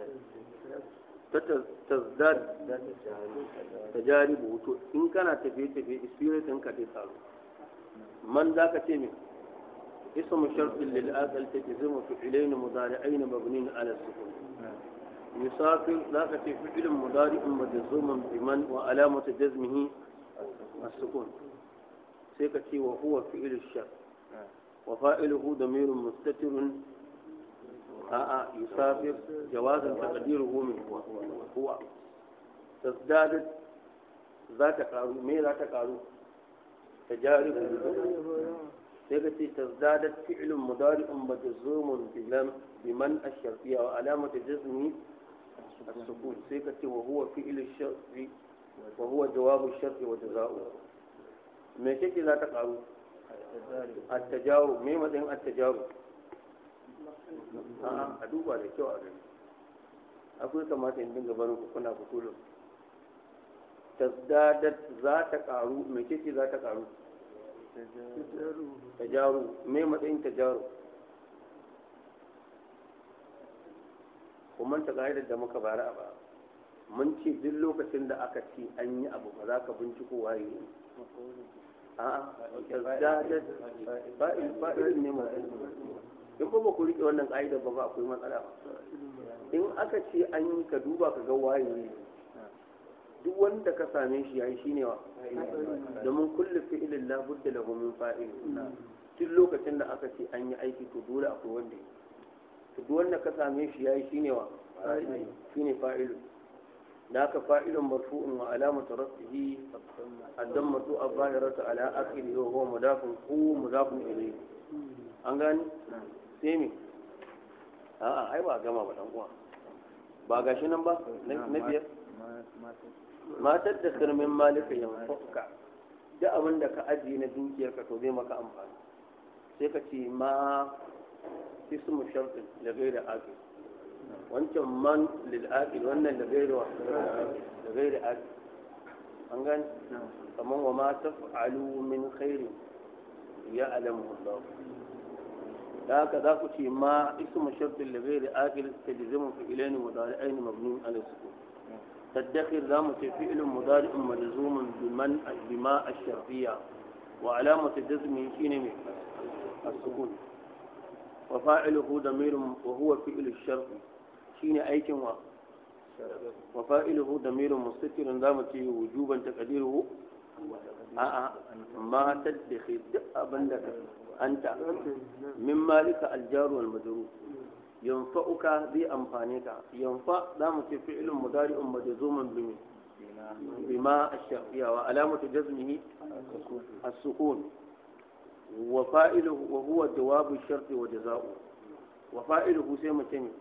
ce tazdad tajaribu to in kana tafiye tafiye spirit ɗinka zai samu من ذاك ka اسم شرط للآكل تجزم فعلين مضارعين مبنين على السكون يسافر ذاك في فعل مضارع مجزوم بمن وعلامة جزمه السكون سيكتي وهو فعل الشر وفاعله ضمير مستتر يسافر جوازا تقديره من هو هو تزداد ذات قارو مي ذات قارو تجارب سيغتي تزدادت فعل مضارع مجزوم بلم بمن الشرطية وعلامة جزمه السكون سيكتي وهو فعل الشرط وهو جواب الشرط وجزاؤه ما كيف لا تقعوا التجاوب ما مدين التجاوب a duba da kyau أقول gani akwai kamata in dinga barin tazdadat za ta karu mai ce za ta karu tajaru mai matsayin tajaru kuma ta ka'idar da muka bara a ba mun ce duk lokacin da aka ce an yi abu ba za ka binciko waye a'a ne in ba ku riƙe wannan ƙa'idar ba ba akwai matsala ba in aka ce an yi ka duba ka ga waye ne duk wanda ka same shi yayi shine wa domin kullu fi'lin la budda lahu min fa'il tun lokacin da aka ce an yi aiki to dole akwai wanda to duk wanda ka same shi yayi shine wa shine fa'ilu da haka fa'ilun marfu'un wa alamatu rafihi ad-dammatu az-zahiratu ala akhiri wa huwa mudafun hu mudafun ilayhi an gani sai me a'a ai ba gama ba dan uwa ba gashi nan ba na biyar matar da sirmin malika ya fuka duk abin da ka ajiye na dukiyarka to zai maka amfani sai ka ce ma ismu shartin da gai da aqil wancan man lil aqil wannan da gai da da da aqil an gani kamar wa ma taf'alu min khairin ya alamu Allah da haka za ku ce ma ismu shartin da gai da aqil tajzimu fi ilaini mudari'ain mabniun ala sukun تدخر لام فعل مضارع مجزوم بمن بما الشرفية وعلامة جزمه شين السكون وفاعله ضمير وهو فعل الشرط شين أيكن وفاعله ضمير مستتر دامته وجوبا تقديره آه، آه، ما تدخر tadda ke duk abin da anta ينفعك ذي أمفانيك ينفع دام فعل مضارع مجزوم بما بما الشرقية وعلامة جزمه السكون وفائله وهو جواب الشرط وجزاؤه وفائله سيما تنمي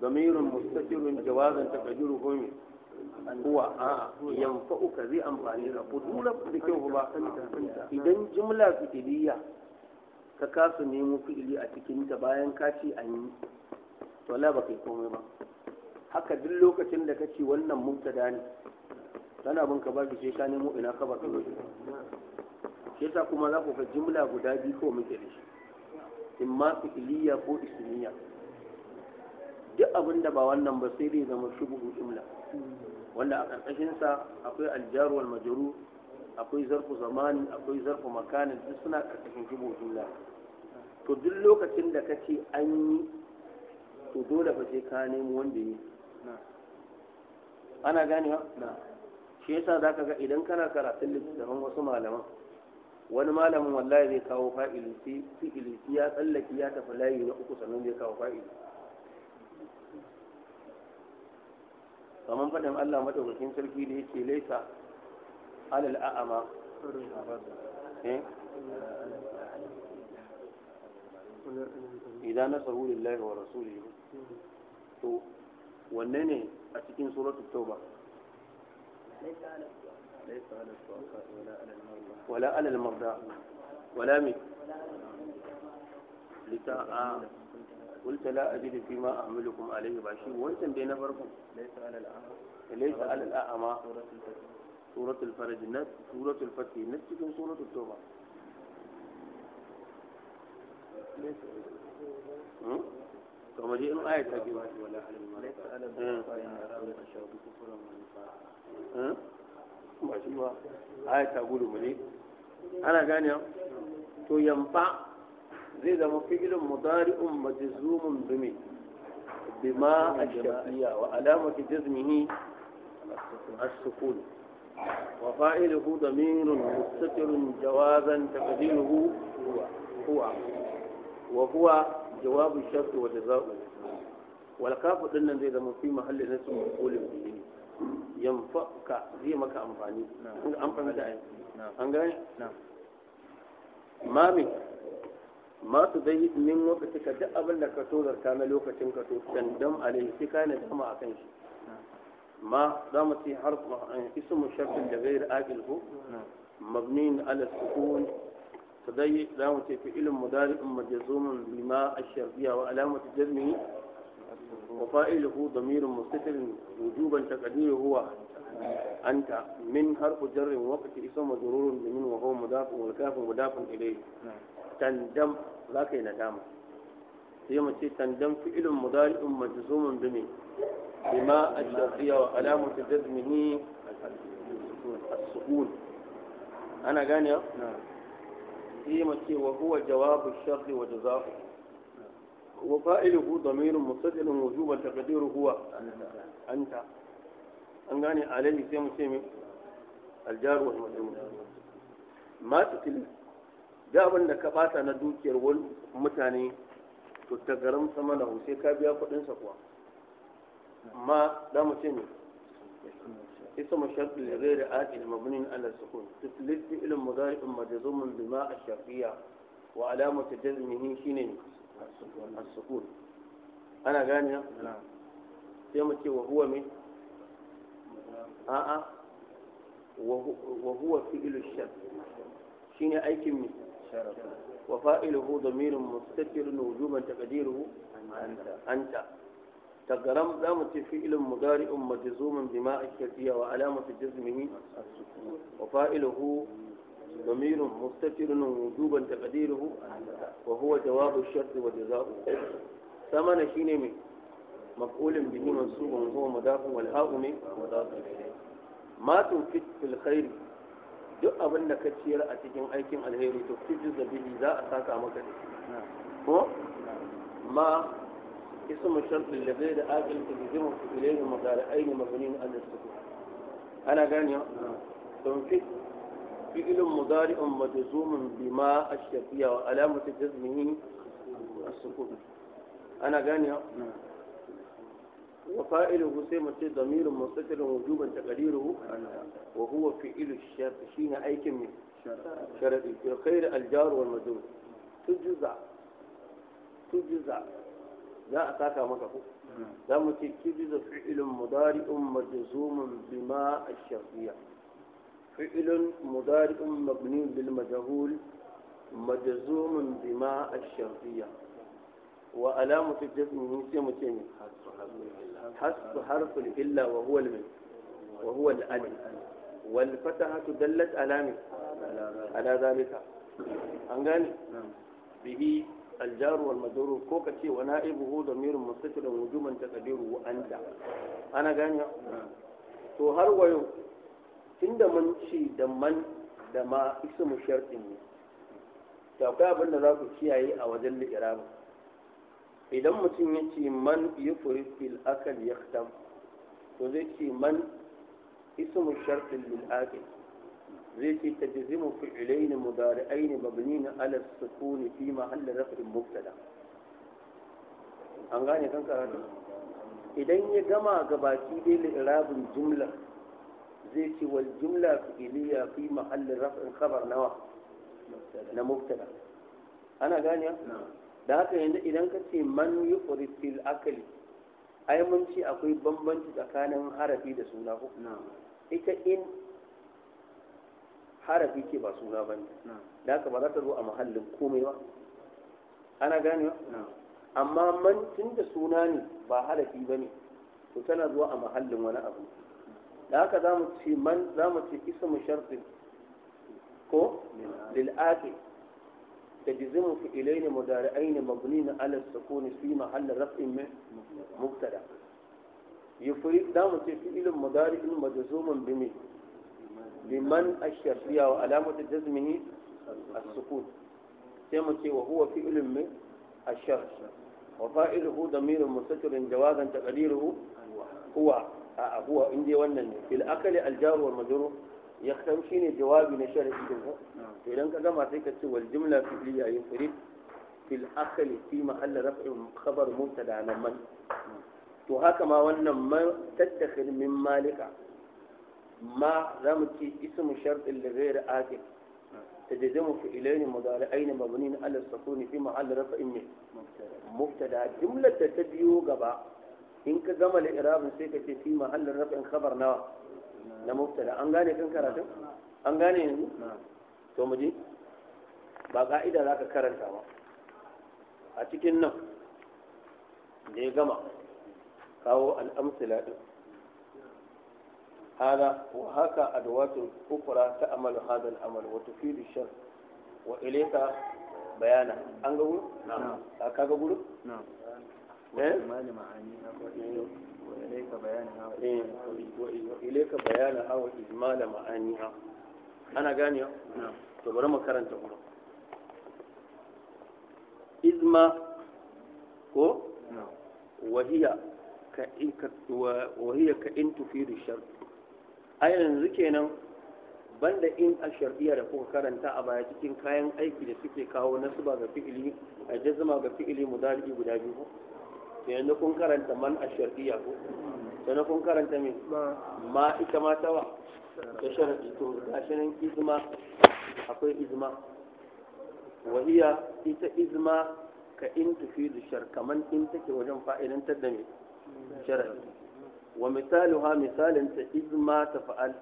ضمير مستتر جوازا تفجر هو هو آه ينفعك ذي أمفانيك بكوه بكيه إذا جملة كتبية ka kasa nemo fi'ili a cikin ta bayan ka ci an yi to la ba kai komai ba haka duk lokacin da kace wannan mubtada ne kana bin ka baki sai ka nemo ina ka ba ka zo shi yasa kuma za ku ga jimla guda biyu ko muke da shi imma fi'iliya ko ismiya duk abin da ba wannan ba sai dai zama shubuhu jumla wanda a ƙarƙashinsa akwai aljaru wal majrur akwai zarfu zamani akwai zarfu makanin duk suna karkashin jibo juna to duk lokacin da ka ce an yi to dole fa sai ka nemo wanda yi ana ba shi yasa za ka ga idan kana karatun littattafan wasu malaman wani malamin wallahi zai kawo fa'ili fi'ili ya tsallaki ya tafi layi na uku sannan zai kawo fa'ili kamar faɗin Allah madaukakin sarki da yake laisa alal a'ama idan nasaru lillahi wa rasulihi to wanne ne a cikin suratul tauba ولا على المرضى ولا من لتاء قلت لا أجد فيما أعملكم عليه بعشير وأنتم بين فرقم ليس على الأعمى ليس على الأعمى سورة الفرج نفس سورة الفتح نفس كم سورة التوبة طب دي انه آية تجيب ها آية تقول مني أنا جاني تو ينفع زي ده مفعول مضارع مجزوم بمن بما الشرطية وعلامة جزمه السكون وفائله ضمير مستتر جوازا تقديره هو هو وهو جواب الشرط وجزاؤه والكاف دنا زي زمن في محل نسم مقول به ينفعك زي مكا امفاني ان امفان دا ان غاني ما من ما تضيق من وقتك duk abin da ka so zarta na lokacin ka to dandam alai sai ka na dama akan shi ما دامت حرف يعني اسم الشرط لغير آجل هو نعم. مبني على السكون تضيق دامت في علم ام مجزوم بما الشرطيه وعلامة جزمه وفائله ضمير مستتر وجوبا تقديره هو أنت من حرف جر وقت اسم مجرور بمن وهو مضاف والكاف مضاف إليه نعم. تندم ذاك ندامة سيما تندم مدار ام مجزوم بمن بما الشرقية وعلامة جزمه السكون أنا قاني نعم قيمة وهو جواب الشرط وجزاؤه وفائله ضمير مستدل وجوبا تقديره هو أنت أن قاني عليه سيما سيم الجار والمجموع ما تتل جاب da ka bata والمتاني تتقرم ثمنه mutane to ta garamsa ما لا مسلم اسم الشرط لغير آتي المبني على السكون تفلت فعل مضارع مجزوم بما الشرطية وعلامة جزمه شنو السكون أنا غانيا نعم سيمتي وهو من آآ آه. آه. وهو فعل الشرط شنو أيكم من وفائله ضمير مستتر وجوبا تقديره أنت أنت تقرم دامت فعل مضارع مجزوم بما الشرطية وعلامة جزمه وفائله ضمير مستتر وجوبا تقديره وهو جواب الشرط وجزاء ثمن شينمي مفعول به منصوب وهو مضاف والهاء من مضاف إليه ما تنفت في الخير duk abin da ka ciyar a تفتجز به إذا أساك fi نعم. ما اسم الشرط للغير عاقل تجزمه إليه أين مبنين أن السكون أنا غني تنفيذ نعم. فعل مضارع مجزوم بما الشفية وعلامة جزمه السكون أنا غني نعم. وفائله سيما ضمير مستتر وجوبا تقديره وهو فعل الشرط شين أي كمية شرط خير الجار والمجرور تجزع تجزع لا أتاك مكفو لا متكدد فعل مضارع مجزوم بما الشرطية فعل مضارع مبني بالمجهول مجزوم بما الشرطية وألامة الجزم من سيمة حسب حرف الإلا وهو المن وهو الأن والفتحة دلت ألامي على ذلك أنجاني نعم. به aljaru wal majrur ko ka ce wa na'ibuhu damirun mustatirun wujuban taqdiru anta ana gane to har wayo tunda mun ci da man da ma ismu shartin ne to akwai abin da za ku kiyaye a wajen li'irama idan mutum ya ce man yufrid fil akal yaktam to zai ce man ismu shartin lil aqil zai ce ta jizimu fi'ilaini mudari'aini mabnini ala sukuni fi mahallin rafin mubtada an gane kan karatu idan ya gama ga dai li'irabin jumla zai ce wal jumla fi'iliya fi mahallin rafin khabar nawa na mubtada ana gane da haka yanzu idan ka ce man yuqri fil akli ai mun ci akwai bambanci tsakanin harafi da suna ko ita in harafi ke ba suna ba ne da haka ba za ta zo a mahallin komai ba ana amma man tun da suna ne ba harafi ba ne to tana zuwa a mahallin wani abu da haka za mu ce man za mu ce ismu shartin ko lil'aqi تجزم فعلين مضارعين مبنين على السكون في محل رفع من مبتدا يفيد mu في فعل مضارع bi mai. لمن فيها وعلامة جزمه السكون سيمتي وهو في علم الشر وفائله ضمير مستتر جوازا تقديره هو آه، هو عندي ونني في الأكل الجار والمجرور يختم شيني جوابي نشر الجملة في لنك كما تكتب والجملة في اللي ينفرد في الأكل في محل رفع خبر مبتدا عن من وهكما ونن ما تتخذ من مالك ma za mu da zai da ake ta je zai mafi ilayin mazari ainihin mabuni na allah sako ne fi ma'allar rafa in mai muftada jimlar ta biyo gaba in ka zama da sai ka ce fi ma'allar rafa in khabar nawa na muftada an gane kan karatun an gane yanzu to mu je ba ka'ida za ka karanta ba a cikin nan da gama kawo al'amsila ɗin هذا وهكا أدوات أخرى تعمل هذا العمل وتفيد الشر وإليك بيانا أنقول نعم أكاك أقول نعم وإليك بيانها وإليك بيانها وإجمال معانيها أنا قاني نعم تبرا ما كرنت أقول إذما هو نعم وهي كإن وهي كإن تفيد الشر a yanzu kenan banda in a shari'a da kuka karanta a baya cikin kayan aiki da suke kawo nasuba ga fi'ili a jazma ga fi'ili mudari guda biyu to yanzu kun karanta man a shari'a ko sannan kun karanta me ma ita ma tawa ta sharadi to a nan izma akwai izma wahiya ita izma ka in tufidu shar kaman in take wajen fa'idantar da me sharadi wa misaluha misalin ta izma ta fa'al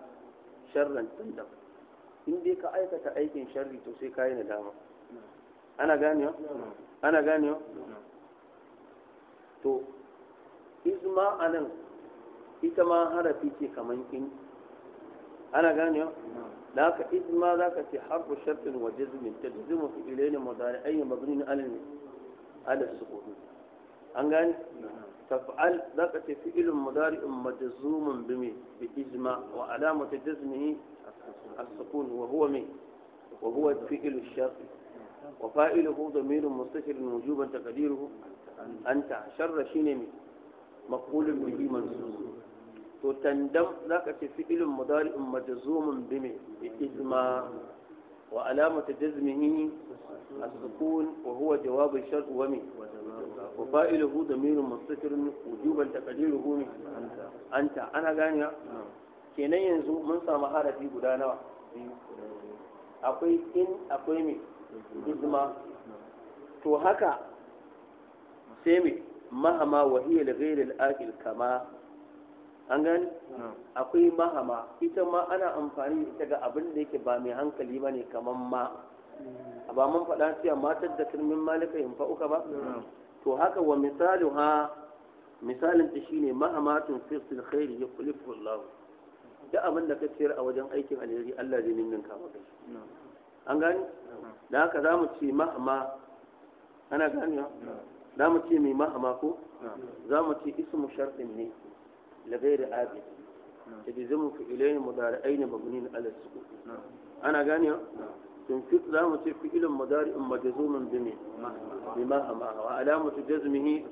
sharran tunda in dai ka aikata aikin sharri to sai ka yi nadama ana gane wa? ana gane wa? to izma anan ita ma harafi ce kaman kin ana gane wa? da haka izma za ka ce harfu shartin wa jazmin ta jazmin fi ilaini mudari ayyin mabnin alal alal sukutu an gane تفعل ذاك فعل مضارع مجزوم بمين وعلامة جزمه السكون وهو مي وهو فعل الشرط وفائله ضمير مستشر وجوبا تقديره أنت شر شينمي مقول به منصوص to tandam zaka ce مجزوم بمي بإجمع وعلامة جزمه السكون وهو جواب الشرط ومن وفائله ضمير مستتر وجوبا تقديره من أنت أنا غانيا kenan yanzu mun samu harafi guda nawa akwai in akwai me izma to haka sai me mahama wa hiya li ghayri al-aqil kama an gani hmm. akwai mahama ita ma ana amfani da ita ga abin da yake ba mai hankali ba ne kamar ma a hmm. ba mun faɗa cewa matar da turmin malika yin fa'uka ba hmm. to haka wa misalin ha misalin ta shine mahamatun fisil khairi ya kulifu Allah da abin da ka ciyar a wajen aikin alheri Allah zai ninninka maka an gani da haka za mu ce mahama ana gani za mu ce mai mahama ko za mu ce ismu sharɗin ne لغير عابد نعم. تجزم مدار أين مبنين على السكون نعم. أنا غاني نعم. تنفق إلين مدار أم مجزوم بمي بما أما وعلامة جزمه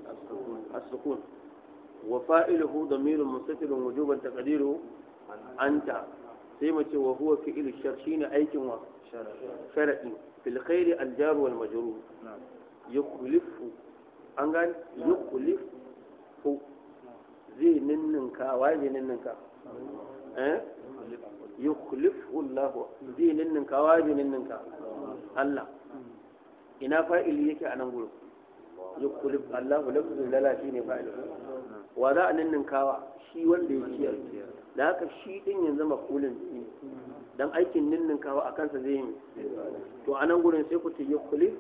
السكون وفائله ضمير مستتر وجوبا تقديره أنت سيمة وهو فعل الشرشين أيكم شرعي في الخير الجار والمجرور يخلف أنقال يخلف zai ninninka waye zai ninninka eh yukhlifu Allah zai ninninka waye zai ninninka Allah ina fa'ili yake a nan gurin yukhlif Allah lafzul lala shine fa'ili wa za a ninninkawa shi wanda ya ciyar da haka shi din yanzu makulin ne dan aikin ninninkawa a kansa zai yi to a nan gurin sai ku ce yukhlifu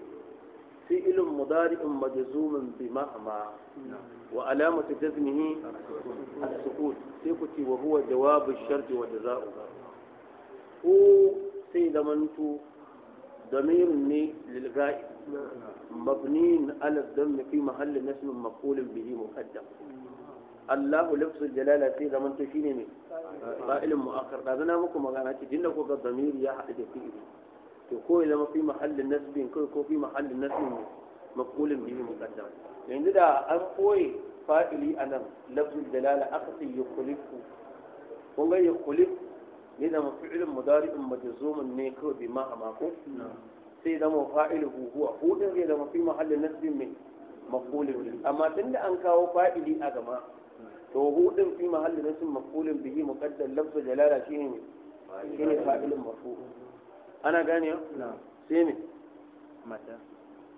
فعل مضارع مجزوم بمعنى وعلامة جزمه السكوت سيكتي وهو جواب الشرط وجزاؤه هو سيد منتو ضمير للغاية مبني على الضم في محل نسم مقول به مقدم الله لفظ الجلالة سيد منتو شيني قائل مؤخر هذا نامكم مغانا تجنة وقد ضمير يا حدث فيه to ko ya mafi fi mahallin nasbin kai ko fi mahallin nasbin maqulun bihi muqaddam yanzu da an koyi fa'ili anan lafzul dalala aka ce yukhlifu kun ga yukhlif ne da mafi'ilin mudari'in majzumun ne kawai bi ma ma'ana ko sai zama fa'iluhu huwa hudin zai da mafi mahallin nasbin mai maqulun bihi amma tunda an kawo fa'ili a gama. to hudin fi mahallin nasbin maqulun bihi muqaddam lafzul dalala shine shine fa'ilin mafu'ul ana gane sai ne? mata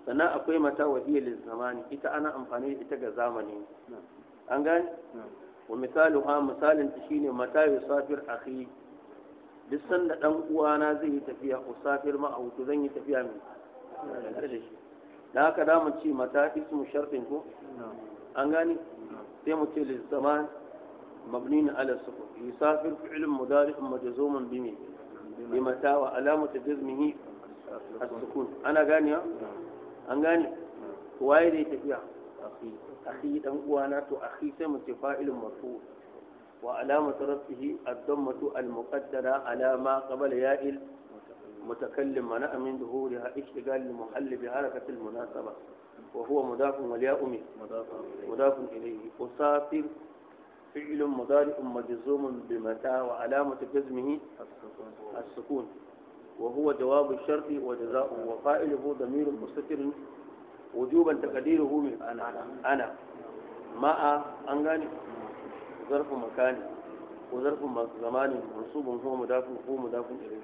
sannan akwai mata wa iya zamani ita ana amfani da ita ga zamani an gane wa misalu ha misalin ta shine mata ya safir akhi duk sanda dan uwana zai yi tafiya ko safir ma a wuto zan yi tafiya mai da haka da mu ce mata ismu sharfin ko an gane sai mu ce lissama mabni ala sukun yusafir fi'lun mudari'un majzumun bi mai بمتى وعلامة جزمه السكون أنا غاني أنا غاني وايد يتفيا أخي أخي أنا تو أخي سمت فاعل مرفوع وعلامة رفعه الضمة المقدرة على ما قبل يائل متكلم منع من ظهورها اشتغال المحل بحركة المناسبة وهو مضاف ولياء مضاف إليه وصافر فعل مضارع مجزوم بمتى وعلامة جزمه السكون وهو جواب الشرط وجزاؤه وقائله ضمير مستتر وجوبا تقديره من أنا أنا ما أنغاني ظرف مكان وظرف زمان منصوب هو مدافع هو مدافع إليه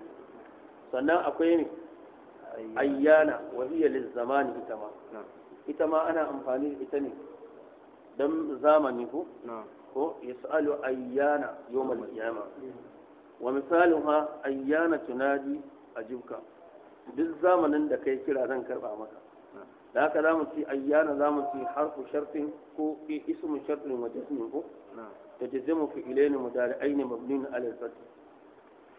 sannan akwai ne ayyana wa إتما lizzamani ita ma ita ma ana amfani da ko yas'alu ayyana yawmal qiyama wa misaluha ayyana tunadi ajibka duk zamanin da kai kira zan karba maka da haka za mu ci ayyana za mu ci harfu shartin ko ismu shartin wa jazmin ko ta jazimu fi ilaini mudari'aini mabnin ala al-fath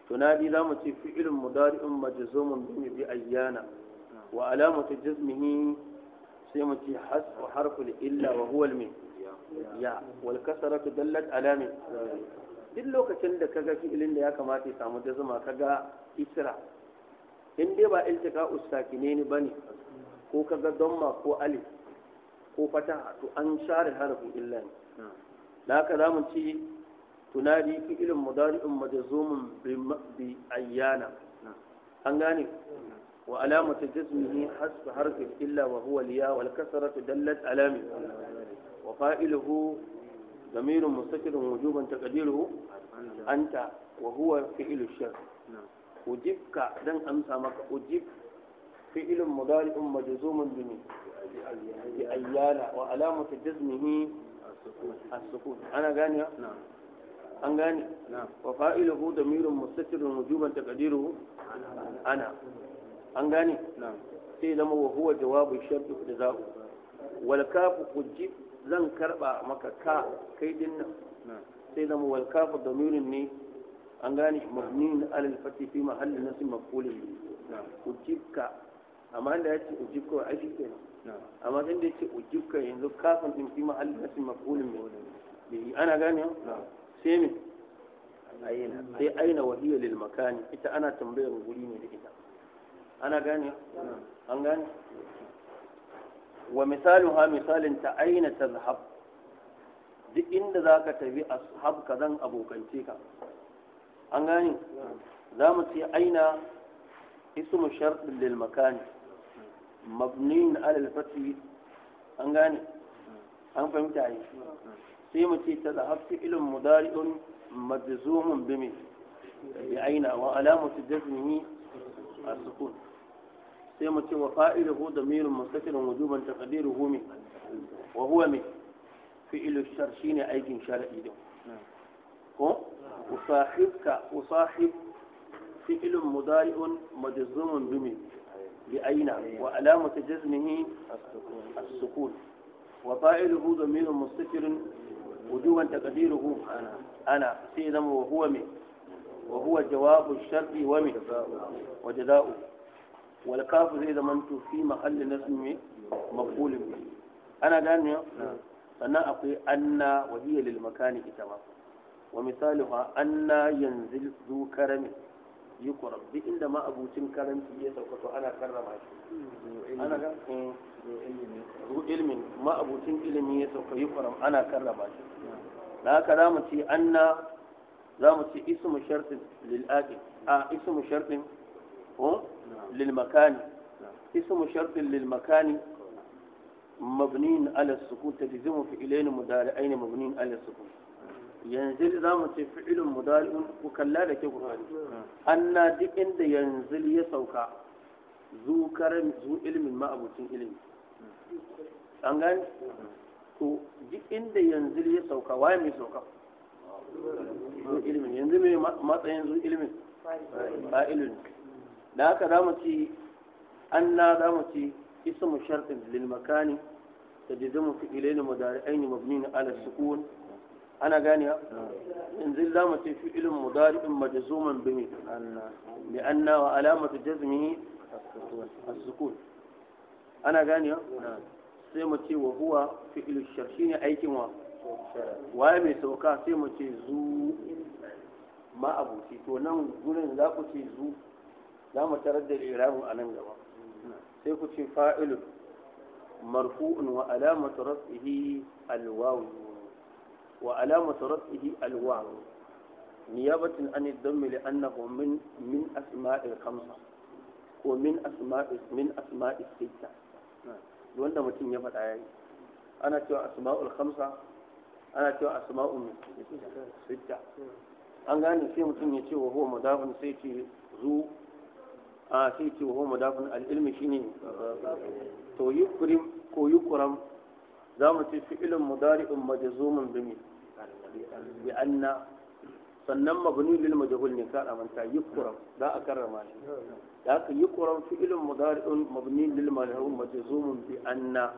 tunadi za mu ci fi'ilun mudari'un majzumun bi bi ayyana wa alamatu jazmihi sai mu ci hasfu harfu illa wa huwal al-min ya wal kasaratu dallat alami duk lokacin da kaga fi'ilin da ya kamata ya samu jazma kaga isra in dai ba iltika ustakine ne bane ko kaga damma ko alif ko Fata to an share harafin illa ne da haka mu ci tunadi fi'ilin mudari'un majzumun bi ayyana an gane wa alamatu jazmihi hasb harfi illa wa huwa liya wal kasratu dallat alami وفائله ضمير مستتر وجوبا تقديره أنت وهو فعل الشر أجبك دن أمسى مك أجب فعل مضارع مجزوم بمن بأيالا وعلامة جزمه السكون أنا غاني نعم an gane wa fa'iluhu damirun mustatirun wujuban taqdiruhu ana an gane sai zama wa huwa jawabu shart da za'u wal kafu ujib zan karba maka ka kai din nan sai zama wal kafu damirin ne an gane mabni na alal fati fi mahallin nasi mafulin ne ujibka amma da ya ce ujibka a shi kenan amma tun da ya ce ujibka yanzu kafin din fi mahallin nasi mafulin ne ana gane sai me sai aina wahiyar lil ita ana tambayar guri ne da ita ana gane an gane wa misaluha misalin ta aina tazhab duk inda za ka tafi ashab ka zan abokance ka an gane za mu ce aina ismu sharɗin lil makani mabnin alal fati an gane an fahimta yi sai mu ce ta zahab fi'ilun mudari'un majzumun bimi bi aina wa su jazmini a sukun سيما تشوى فائله ضمير منتصل وجوبا تقديره من وهو من إلو الشرشين أي جن شارع إيده وصاحبك وصاحب في إلو مضارع مجزوم بمن بأين وعلامة جزمه السكون هو ضمير مستتر وجوبا تقديره أنا سيدم وهو من وهو جواب الشرط ومن وجزاؤه wal zai zama to fi mahalli nasmi maf'ulun bi ana gane sannan akwai anna wa hiya lil makani ita ma wa misaluha anna yanzil zu karami yukurab duk inda ma abucin ya sauka to ana karrama shi ana ga zu ilmin ma abucin ya sauka yukurab ana karrama shi da haka za mu anna za mu a للمكان اسم شرط للمكان مبني على السكون تجزم فعلين مضارعين مبني على السكون ينزل زام فعل مضارع وكلا لك قرآن أن دي عند ينزل يسوكا ذو كرم ذو علم ما أبوتين علم an gane to duk inda yanzu ya sauka waye mai sauka ilimin ما mai matsayin zuwa ilimin da haka za mu ci an na za mu ci ismu shartin lil makani da jizimu fi'ilaini mudari'aini mabnin ala sukun ana gane yanzu za mu ce fi'ilin mudari'in majzuman bi bi anna wa alamatu jazmihi a sukun ana gane sai mu ci wa huwa fi'ilu shar shine aikin wa waye mai sauka sai mu ce zu ma abuci to nan gurin za ku ce zu za mu tarar da irabun a nan gaba sai ku ce fa'ilun marfu'un wa alamatu rafihi alwawu wa alamatu rafihi alwawu niyabatin an dammi annahu min min asma'il khamsa ko min asma'il min asma'is sita wanda mutum ya faɗa yayi ana cewa asma'ul khamsa ana cewa asma'ul sita an gane sai mutum ya ce wa huwa mudafun sai ce zu آتيت آه، هو مدافن العلم شيني تو يكرم كو يكرم زامت في علم مضارع مجزوم بمي لأن سنم مبني للمجهول نكار أمن تا يكرم لا أكرم لكن يكرم في علم مضارع مبني للمجهول مجزوم بأن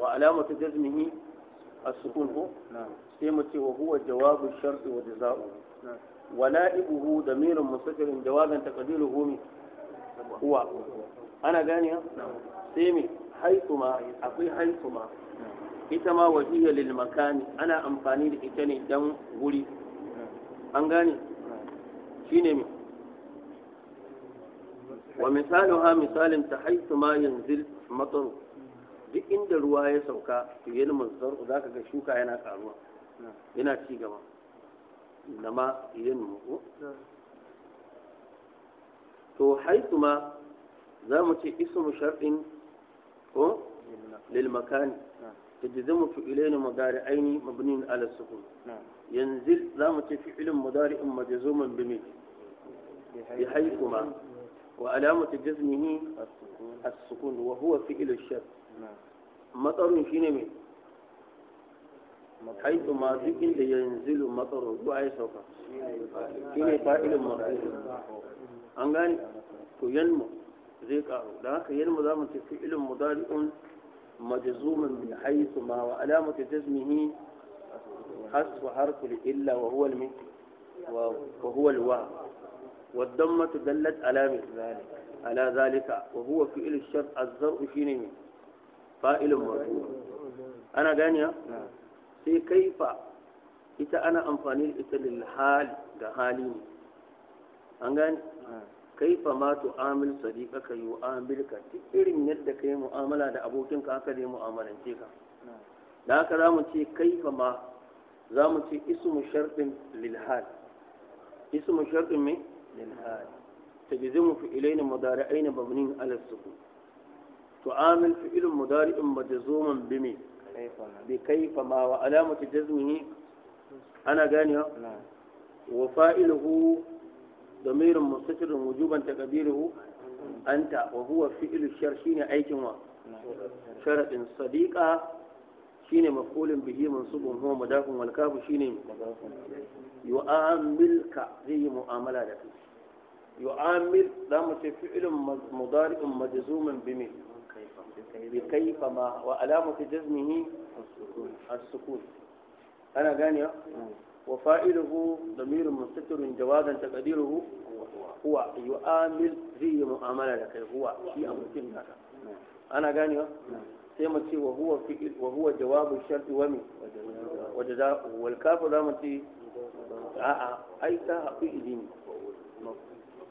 وعلامة جزمه السكون هو نعم. سيمتي وهو جواب الشرط وجزاؤه نعم. ولائبه ضمير مستقر جوابا تقديره هو uwa ana gani ya sai mi haituma akwai haituma ita ma wajiya lil makani ana amfani da ita ne dan guri an gane shine mi wa misaluha misalin ta haituma yanzil mataru duk inda ruwa ya sauka yalmin za ka ga shuka yana karuwa yana ci gaba nama yin muku to زامتي اسم mu للمكان ismu sharɗin ko lilmakani مضارعين مبنين على السكون ينزل لام فعل مضارع مجزوم بمثل بحيثما وعلامة جزمه السكون وهو فعل الشر مطر شين من حيثما ذكر ينزل مطر دعاء سوف شين فائل مضارع أنغاني تيلمو ذيك أهو لأنك يلمو دامن تفعل مدارئ مجزوم من حيث ما هو علامة جزمه حس وحرك إلا وهو المي وهو الوا والضمة دلت على ذلك على ذلك وهو فعل الشر الزرء في نمي فائل مرجوع أنا قانيا في كيف إذا أنا أنفاني الإتل للحال كحالي أنغاني kaifa ma yu amil ka. irin yadda kai mu'amala da abokinka haka dai mu'amalance ka da haka za mu ce kaifa ma zamu mu ce ismu lil hal ismu sharɗin me lilhal تجزم فعلين مضارعين مبنين على السكون تعامل فعل مضارع مجزوما بمي بكيف ما وعلامة جزمه أنا جاني وفائله ضمير مستتر وجوبا تقديره أنت وهو فعل الشر شين أيكم شرط صديقة شين مفعول به منصوب هو مضاف والكاف شين يعاملك زي معاملة لك يعامل دام فعل مضارع مجزوم بمن بكيف ما وعلامة جزمه السكون أنا غانية وفائده ضمير مستتر جوازا تقديره هو يؤامل في مؤاملة لك هو في أمر لك أنا قاني تي وهو فعل وهو جواب الشرط ومي وجزاء والكاف دامتي تي آه، آه. أي في إذن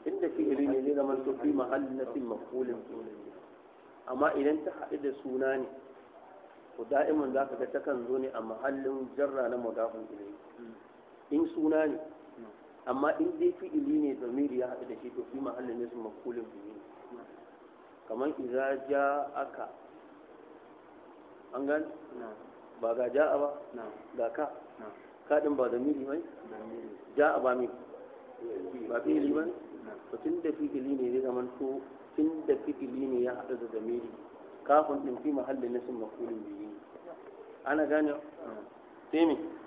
إنت في إذن إذا من في محل نفس مفهول أما إذا انت حائد سوناني ودائما ذاك تتكن زوني أما هل جرى نمضاف إليه in suna ne amma in dai fi'ili ne zamiri ya haɗu da shi to fi mahallin nisu makulin biyu kamar iza ja aka an gani ba ga ja'a ba ga ka kaɗin ba zamiri mai ja'a ba mai ba fi'ili ba ne to tun da fi'ili ne zai zaman to tun da fi'ili ne ya haɗu da zamiri kafin ɗin fi mahallin nisu makulin biyu ana gane sai me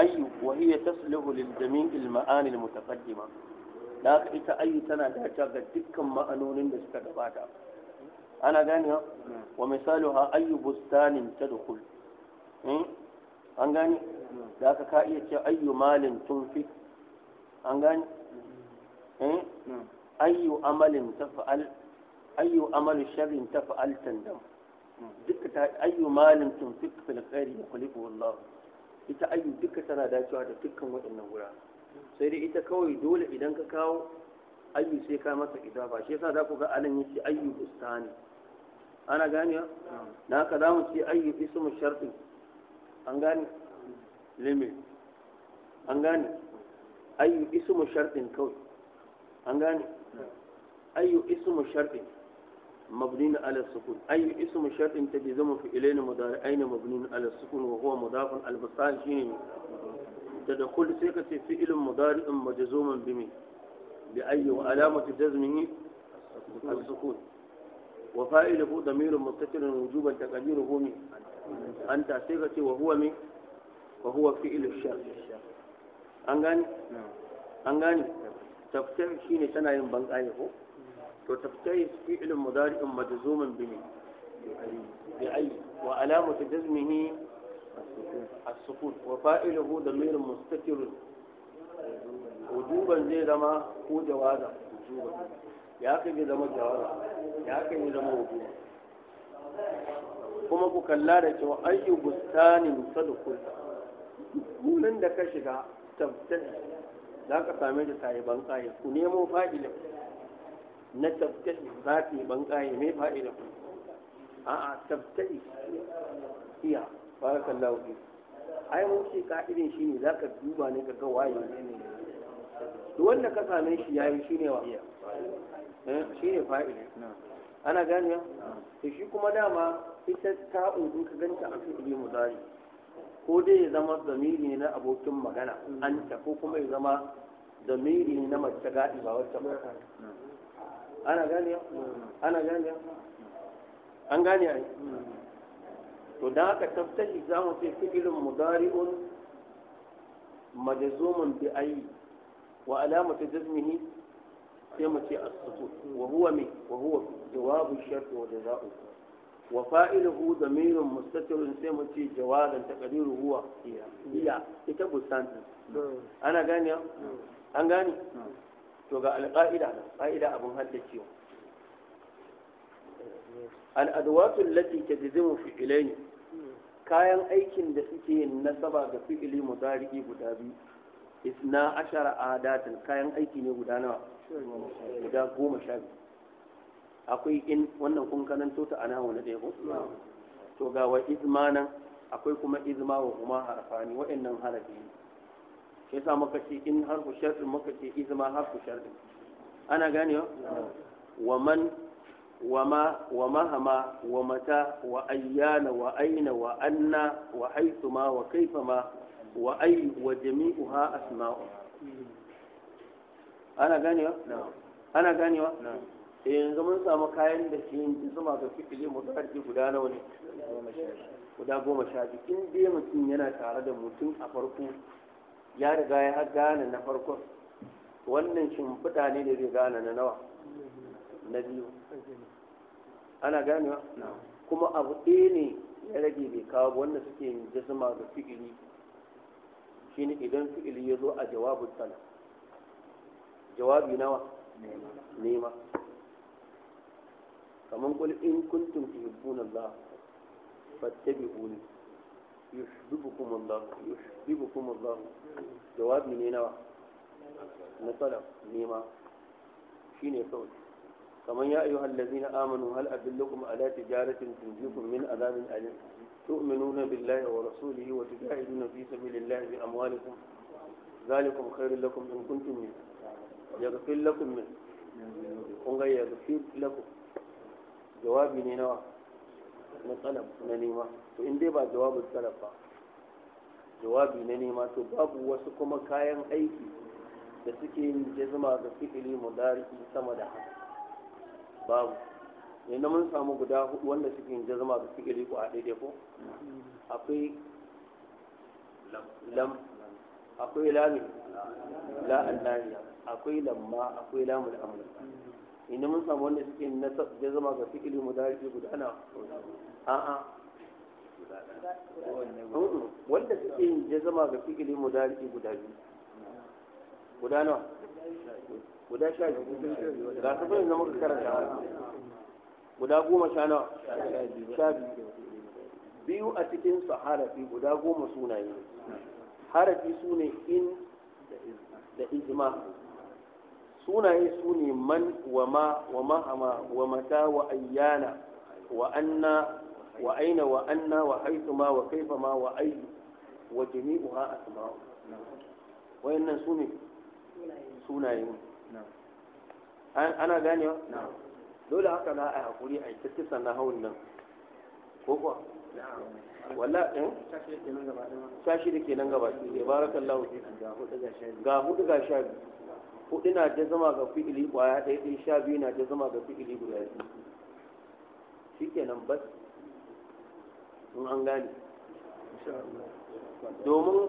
ayyu wa hiya taslihu lil jami'il ma'ani al mutaqaddima da haka ita ayyu tana dace ga dukkan ma'anonin da suka gabata ana ganewa wa misaluha ayyu bustanin tadkhul an gane da haka ka iya ce ayyu malin tunfi an gane ayyu amalin tafa'al ayyu amalin sharrin tafa'al tandam duka ta ayyu malin tunfi fil khairi yukhlifu wallahu ita ayu duka tana dacewa da dukkan waɗannan wura sai dai ita kawai dole idan ka kawo ayu sai ka masa idafa shi yasa za ku ga anan yace ayu bustani ana gane na ka za mu ce ayyu ismu shartin an gane limit an gane ayu ismu shartin kawai an gane ayu ismu shartin مبنين على السكون أي اسم شرط تجزم في إلين أين مبنين على السكون وهو مضاف البصال شين تدخل سيكة فعل مضارع مجزوما بمن بأي وعلامة جزمه السكون وفائله ضمير متصل وجوبا تقديره من أنت سيكة وهو من وهو فعل الشرط أنغاني أنغاني تفتح شيني سنة ينبغي أيه to taftai fi'il mudari'un majzumun bi bi ay wa alamatu jazmihi السكون وفائله ضمير مستتر وجوبا زي زما هو جوازا وجوبا ya ka ya zama jawara ya ka ya zama wudu kuma ku kalla da cewa an yi bustanin sadukul gunan da ka shiga tabbatar za ka same da sahiban kaye ku nemo fa'ilin na tabtai za ta yi bankaye mai fa'ida a'a tabtai iya fara kallawa ai mun ce ka'idin shi ne za ka duba ne ka ga waye ne duk wanda ka same shi ya yi shi ne wa eh, shi ne fa'ida ana ya to shi kuma dama ita ta in ka ganta a fi'ili mudari ko dai ya zama zamiri ne na abokin magana mm. an ta ko kuma ya zama zamiri ne na mace gaɗi ba wacce ba ana ya ana ya an gane ya to dan haka taftahi za mu fi fi'ilun mudari'un majzumun bi ayi wa alamatu jazmihi sai mu ce as-sukut wa huwa mi wa huwa jawabu shart wa jazaa'u wa fa'iluhu damirun mustatirun sai mu ce jawadan taqdiru huwa iya ita bustan hmm. ana ya hmm. an gane hmm. to ga alƙa'ida ƙa'ida abin haddacewa al'adwatun lati ke jizimu fi'ilai kayan aikin da suke yin nasaba ga fi'ili mudari'i guda biyu isna ashara adatin kayan aiki ne guda nawa guda goma sha biyu akwai in wannan kun karanto ta ana wani ɗaya ko to ga wa izma nan akwai kuma izma wa kuma harfani wa'annan harafi ne shi yasa maka ce in ku sharɗin maka ce izma ku sharɗin ana gane wa man وما ma wa وأيان وأين wa وحيثما wa وأي wa أسماء أنا غانية Ana أنا wa? E, yanzu mun samu kayan da ke yin zuma ga fitile mu tsarki guda nawa ne guda goma sha biyu in dai mutum yana tare da mutum a farko ya riga ya gane na farko wannan shimfiɗa ne da zai gane na nawa na biyu ana ganewa kuma abu ɗaya ne ya rage bai kawo wanda suke yin jisma da fi'ili shine idan fi'ili ya zo a jawabin talab jawabi nawa nema kamar kul in kuntum tuhibbuna Allah fattabi'uni يحببكم الله يحببكم الله جواب من هنا نطلع نيما شين كوي كما يا أيها الذين آمنوا هل أدلكم على تجارة تنجيكم من عذاب أليم تؤمنون بالله ورسوله وتجاهدون في سبيل الله بأموالكم ذلكم خير لكم إن كنتم منه يغفر لكم منه يغفر لكم جواب من هنا na na nema to in dai ba jawabin salaf ba jawabi na nema to babu wasu kuma kayan aiki da suke yin jazma ga fi'ili mudariki sama da haka babu na mun samu guda hudu wanda suke yin jazma ga fi'ili ko a daidai ko akwai lam akwai lami la annahiya akwai lamma akwai lamul amr inda mun samu wanda suke na jazama ga fi'ili mudariki guda na a'a hudu wanda suke yin jazama ga fi'ili mudari guda biyu guda nawa guda sha biyu ga su bai zama karanta guda goma sha nawa sha biyu biyu a cikin su harafi guda goma sunaye harafi su ne in da ijma sunaye su ne man wa ma wa mahama wa mata wa ayyana wa anna wa aina wa anna wa haitu ma wa kaifa ma wa ayu wa jami'uha asma'u wayannan su ne sunaye ana ganewa dole haka na a hakuri a ita kisan na nan ko kuwa walla ɗin da na ta zama ga fi'ili kwaya ɗaya ɗaya sha biyu na ta zama ga fi'ili guda biyu shi kenan bas in an gane domin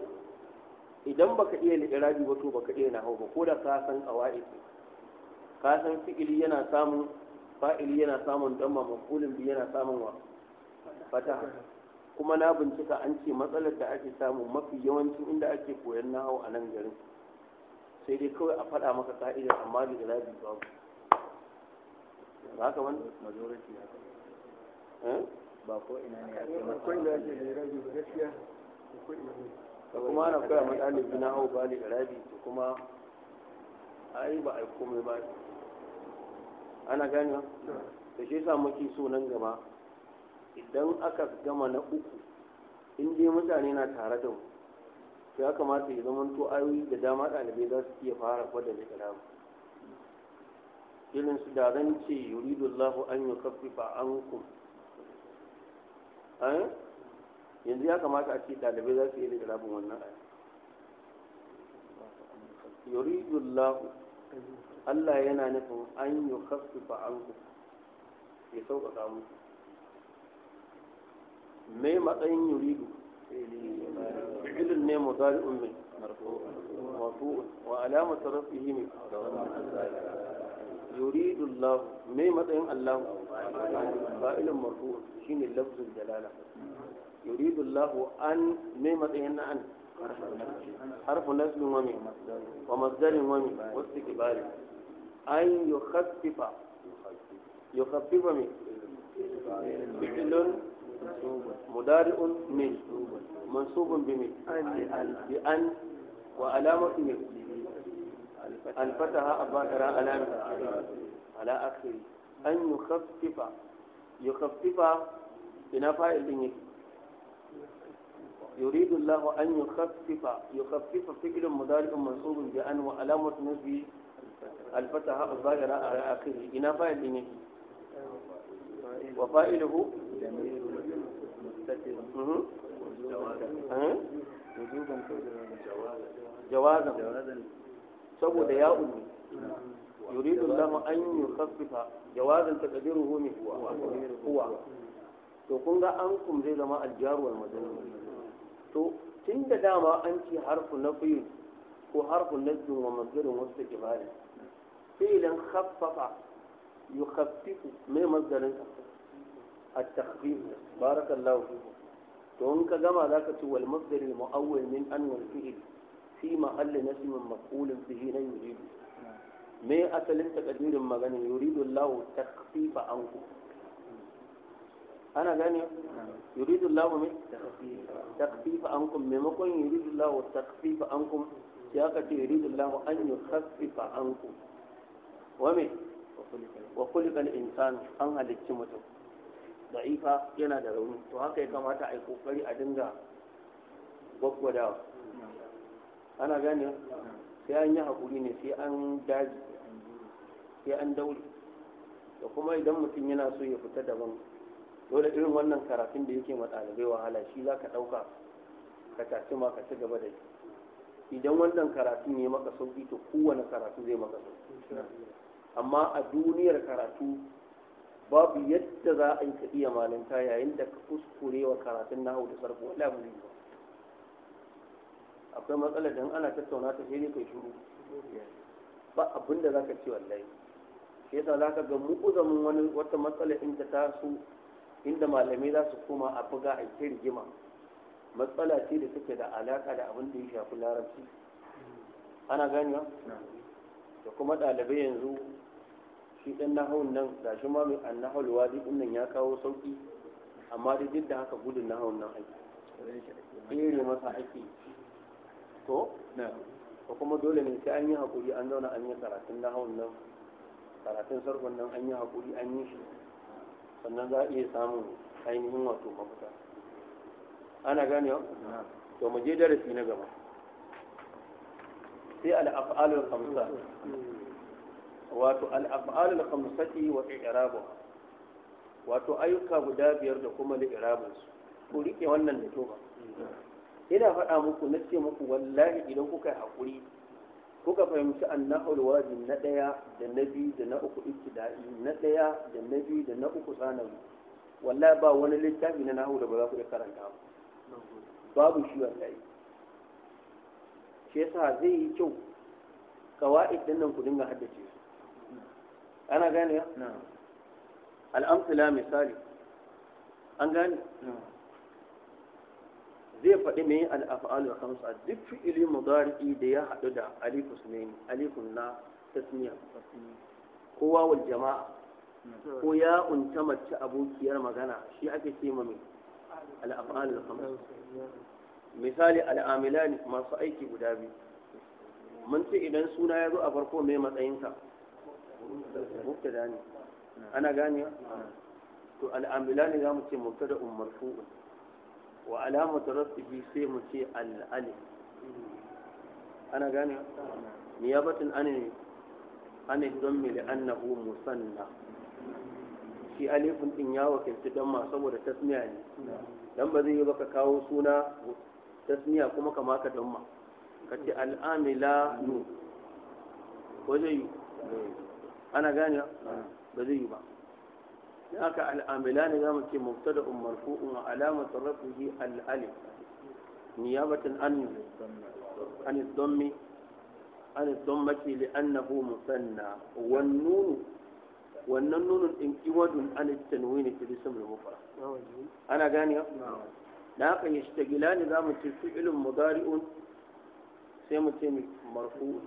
idan baka iya li'irabi ba to baka iya nahawu ba ko da ka san kawai ka san fi'ili yana samun fa'ili yana samun damma maf'ulin bi yana samun wa fataha kuma na bincika an ce matsalar da ake samu mafi yawancin inda ake koyon nahawu a nan garin sai dai kawai a faɗa maka ka'idar amma ba babu ba majority haka eh? ba ko ina ne ake masa ko ina ake da rabi ba gaskiya ko ina ne kuma ana koya ma ɗalibi na hau bali da rabi to kuma ai ba ai komai ba ana gani ba da shi yasa muke so nan gaba idan aka gama na uku in dai mutane na tare da mu to ya kamata ya zama to ayoyi da dama ɗalibai za su iya fara kwada da kalamu irin su da zan ce yuridullahu an yukaffifa ankum Eh? yanzu ya kamata a ce ɗalibai za su yi da rabin wannan aya yuridullahu Allah yana nufin an yi an ku ya sauƙaƙa musu me matsayin yuridu fi'ilun ne zari ummi, masu wa alamatu rafihi ne yuridu Allah me matsayin Allah fa'ilun marfu'un الحكيم اللفظ الجلالة يريد الله أن ميمت أن حرف نزل ومي ومصدر ومي واستكبار أن يخفف يخفف من فعل مدارع من منصوب بمي بأن وعلامة وعلامته الفتحة أباكرا علامة على آخر أن يخفف yukhaffifa ina fa'il din yake يريد الله أن يخفف يخفف فعل مضارع منصوب بأن وعلامة نصبه الفتحة الظاهرة على آخره إن فاعل إنه وفاعله جوازا جوازا saboda ya يريد الله أن يخفف جوازا تقديره من هو هو to kun ga an kum zai zama aljar wal majnun to tun da dama an ce harfu na fi'il ko harfu nazdun wa masdarin wasu kibari fi'ilan yi yukhaffifu mai masdarin a takhfif barakallahu fiku to in ka gama za ka ci wal masdar al mu'awwal min an wal fi'il fi mahalli nasb maf'ul bihi na yuridu me asalin takadirin magana yuridu Allah takfifa anku ana gane yuridu Allah me takfifa ankum maimakon yuridu Allah takfifa ankum sai aka ce yuridu Allah an yukhaffifa ankum wa me wa khuliqa al-insanu an halicci mutum da'ifa yana da rauni to haka ya kamata a yi kokari a dinga gwaggwadawa ana gane sai an yi hakuri ne sai an daji sai an daure da kuma idan mutum yana so ya fita daban dole irin wannan karatun da yake ma ɗalibai wahala shi za ka ɗauka ka tafi ma ka ci gaba da shi idan wannan karatun ne maka sauki to kowane karatu zai maka sauki amma a duniyar karatu babu yadda za a yi ka iya malinta yayin da ka kuskure wa karatun na hau da sarfo wala ba akwai matsalar don ana tattauna ta sai ne kai shuru ba abinda za ka ce wallahi shi yasa za ka ga mu'uzamin wani wata matsala inda ta su inda malamai za su koma a buga a ke rigima matsala ce da take da alaka da abin da ya shafi larabci ana ganewa da kuma ɗalibai yanzu shi ɗan nahawun nan da shi ma mai annahawul wadi ɗin nan ya kawo sauƙi amma dai duk da haka gudun nahawun nan aiki tsere masa aiki to ko kuma dole ne sai an yi haƙuri an zauna an yi karatun nahawun nan karatun sarkon nan an yi haƙuri an yi shi sannan za a iya samun ainihin wato mafita ana gane wa to mu je darasi na gaba sai al'af'alul khamsa wato al'af'alul khamsati wa i'rabu wato ayyuka guda biyar da kuma li'irabun su ku rike wannan da ba. ina faɗa muku na ce muku wallahi idan kuka yi haƙuri kuka fahimci annahul wajib na ɗaya da na biyu da na uku ibtida'i na ɗaya da na biyu da na uku sanawi wallahi ba wani littafi na nahu da ba za ku karanta ba babu shi wallahi shi yasa zai yi kyau kawa'id din nan ku dinga haddace su ana gane ya al'amsala misali an gane zai faɗi mai me al'afa'alul hamsa duk fi'ili mudari'i da ya haɗu da alifu sunaini alifun na tasmiya ko wawul jama'a ko ya unta mace abokiyar magana shi ake ce ma mai al'afa'alul hamsa misali al'amilani masu aiki guda biyu mun ce idan suna ya zo a farko mai matsayinka, ana gane. to al'amilani za mu ce mubtada ummarfu'un wa alamatu rafihi sai mu ce al'alif ana gane niyabatin ne ani don mili annahu musanna shi alifin din ya wakilci dan ma saboda tasmiya ne dan ba zai yi baka kawo suna tasmiya kuma kama ka dan ma ka ce al'amila nu ko zai yi ana gane ba zai yi ba هناك العاملان نعم مبتدا مرفوع وعلامة رفعه الألف نيابة عن عن الضم عن الضمة لأنه مثنى والنون والنون انقواد عن التنوين في الاسم المفرد أنا غانية لا يشتغلان نعم كي فعل مضارع سيمتين مرفوع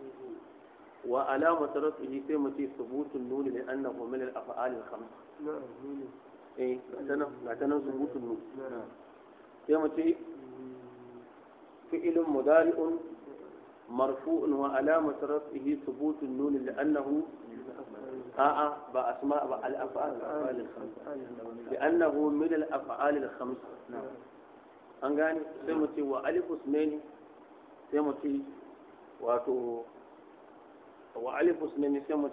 وعلامة رفعه سيمتين ثبوت النون لأنه من الأفعال الخمسة eh ga ta nan surutun mu sai mu ce fi'ilun mudari'un marfu'un wa alamatu raf'ihi thubutun nun li'annahu a'a ba a suma ba al-af'al al-af'al al-khamsa li'annahu min al-af'al al an gane sai mu ce wa alif usmani sai mu ce wato wa alif usmani sai mu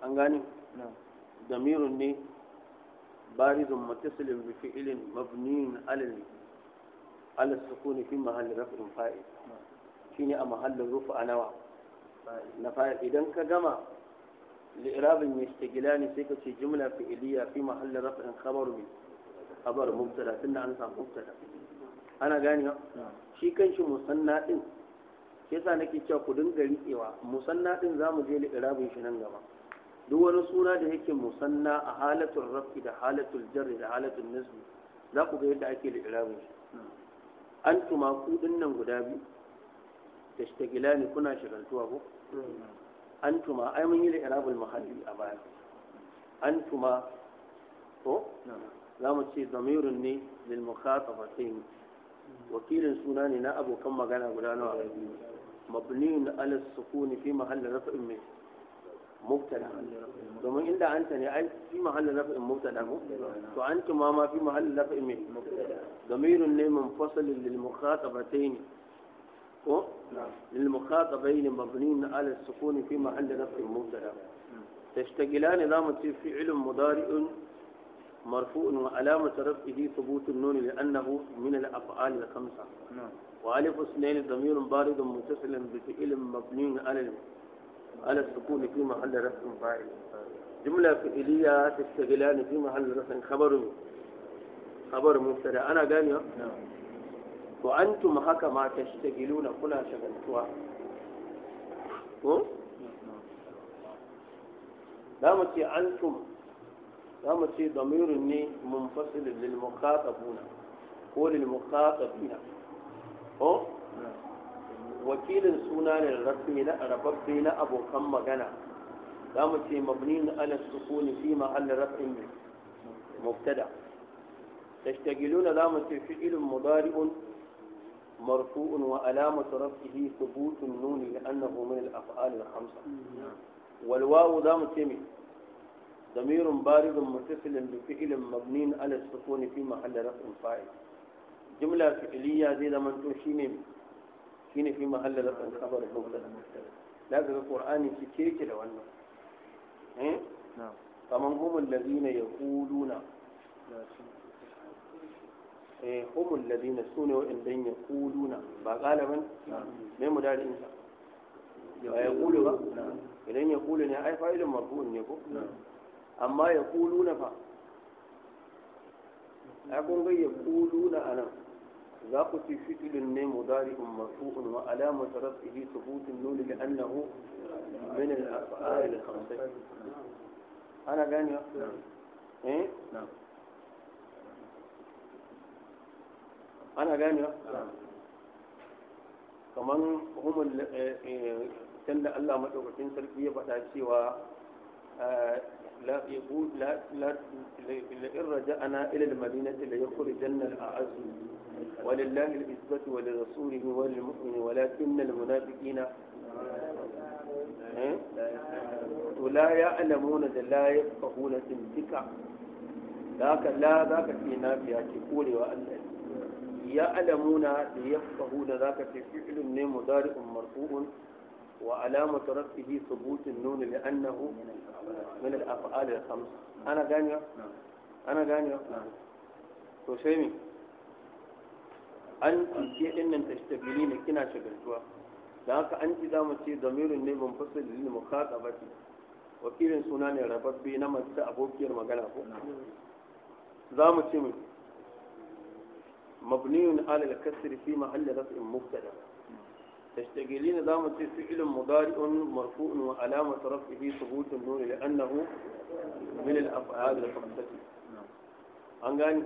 an gane ضمير ني بارز متصل بفعل مبني على على السكون في محل رفع فاعل شيني محل رفع نوع نفاعل اذا كجمع لإراب يستقلان سيكة جملة فعلية في محل رفع خبر من خبر مبتدا تنا أنا سام مبتدا أنا غاني شي كان شي مصنع din shi yasa nake cewa ku dinga riƙewa musanna din za mu je li'irabin shi nan gaba duk wani suna da yake musanna a halatul rafi da halatul jarri da halatul nasbi za ku ga yadda ake da irabin shi an tuma ku nan guda biyu da shtagila ne kuna shigantuwa ko an tuma ai mun yi da irabul mahalli a baya an tuma ko za mu ce zamirun ne lil mukhatabatain wakilin suna ne na abokan magana guda nawa mabniyun ala sukuni fi mahallin raf'in mai مبتلى ثم الا انت اي في محل رفع مبتلى فانت ما ما في محل رفع مبتلى ضمير منفصل للمخاطبتين و نعم. للمخاطبين مبنين على السكون في محل رفع مبتدا تشتغلان نظام في علم مضارع مرفوع وعلامة رفعه ثبوت النون لأنه من الأفعال الخمسة نعم وألف اثنين ضمير بارد متصل بفعل مبني على المبتدأ على السكون في محل رفع فاعل جملة فعلية تشتغلان في محل رفع خبر خبر مبتدا أنا قاني وأنتم هكا ما تشتغلون كنا شغلتوا لا متي أنتم لا متي ضمير منفصل للمخاطبون وللمخاطبين أو wakilin suna ne rabbi na rababbe na abokan magana za mu ce mabni na ala sukuni fi mahalli rabbin mubtada tashtagiluna za mu ce fi'ilun mudari'un marfu'un wa thubutun مرفوع al رفعه ثبوت النون لأنه من الأفعال الخمسة والواو ذا متمي ضمير بارد متصل بفعل ala على fi في محل رفع فاعل جملة فعلية زي ما shine shine fi mahalla da kan kabar bauta da ga qur'ani shi keke da wannan eh kaman humul ladina yaquluna eh humul ladina in dan yaquluna ba galiban me mu dare insa ya yaqulu ba idan yaqulu ne ai fa'ilun marfu'un ne ko amma yaquluna fa ya kun ga yaquluna anan في فتل النيم مضارع مرفوع وعلامة رفعه ثبوت النون لأنه من الأفعال الخمسة أنا جاني نعم. إيه؟ نعم أنا جاني نعم كمان هم إيه، كان الله مدعوك في سلبية آه، بعد سوى لا يقول لا لا لا إن رجعنا إلى المدينة ليخرجن الأعز ولله العزة ولرسوله وللمؤمن ولكن المنافقين إيه؟ لا يعلمون لا يفقهون تمسكا ذاك لا ذاك في نافية تقول وأن يعلمون ليفقهون ذاك في فعل مضارع مرفوع وعلامة رفعه ثبوت النون لأنه من الأفعال الخمس أنا جانيا أنا جانيا نعم. تو شيمي an cuce ɗin nan tashtabili ne kina shagaltuwa da haka an ci za mu ce zamirin ne ban fasa da zini mukhaɗa ba ce wakilin suna ne rababbe na ta abokiyar magana ko za mu ce mu mabniyun alal kasr fi mahalli raf'in mubtada tashtagili ne za mu ce fi'lun mudari'un marfu'un wa alamatu raf'ihi thubutun nuri li annahu min al af'al al an gani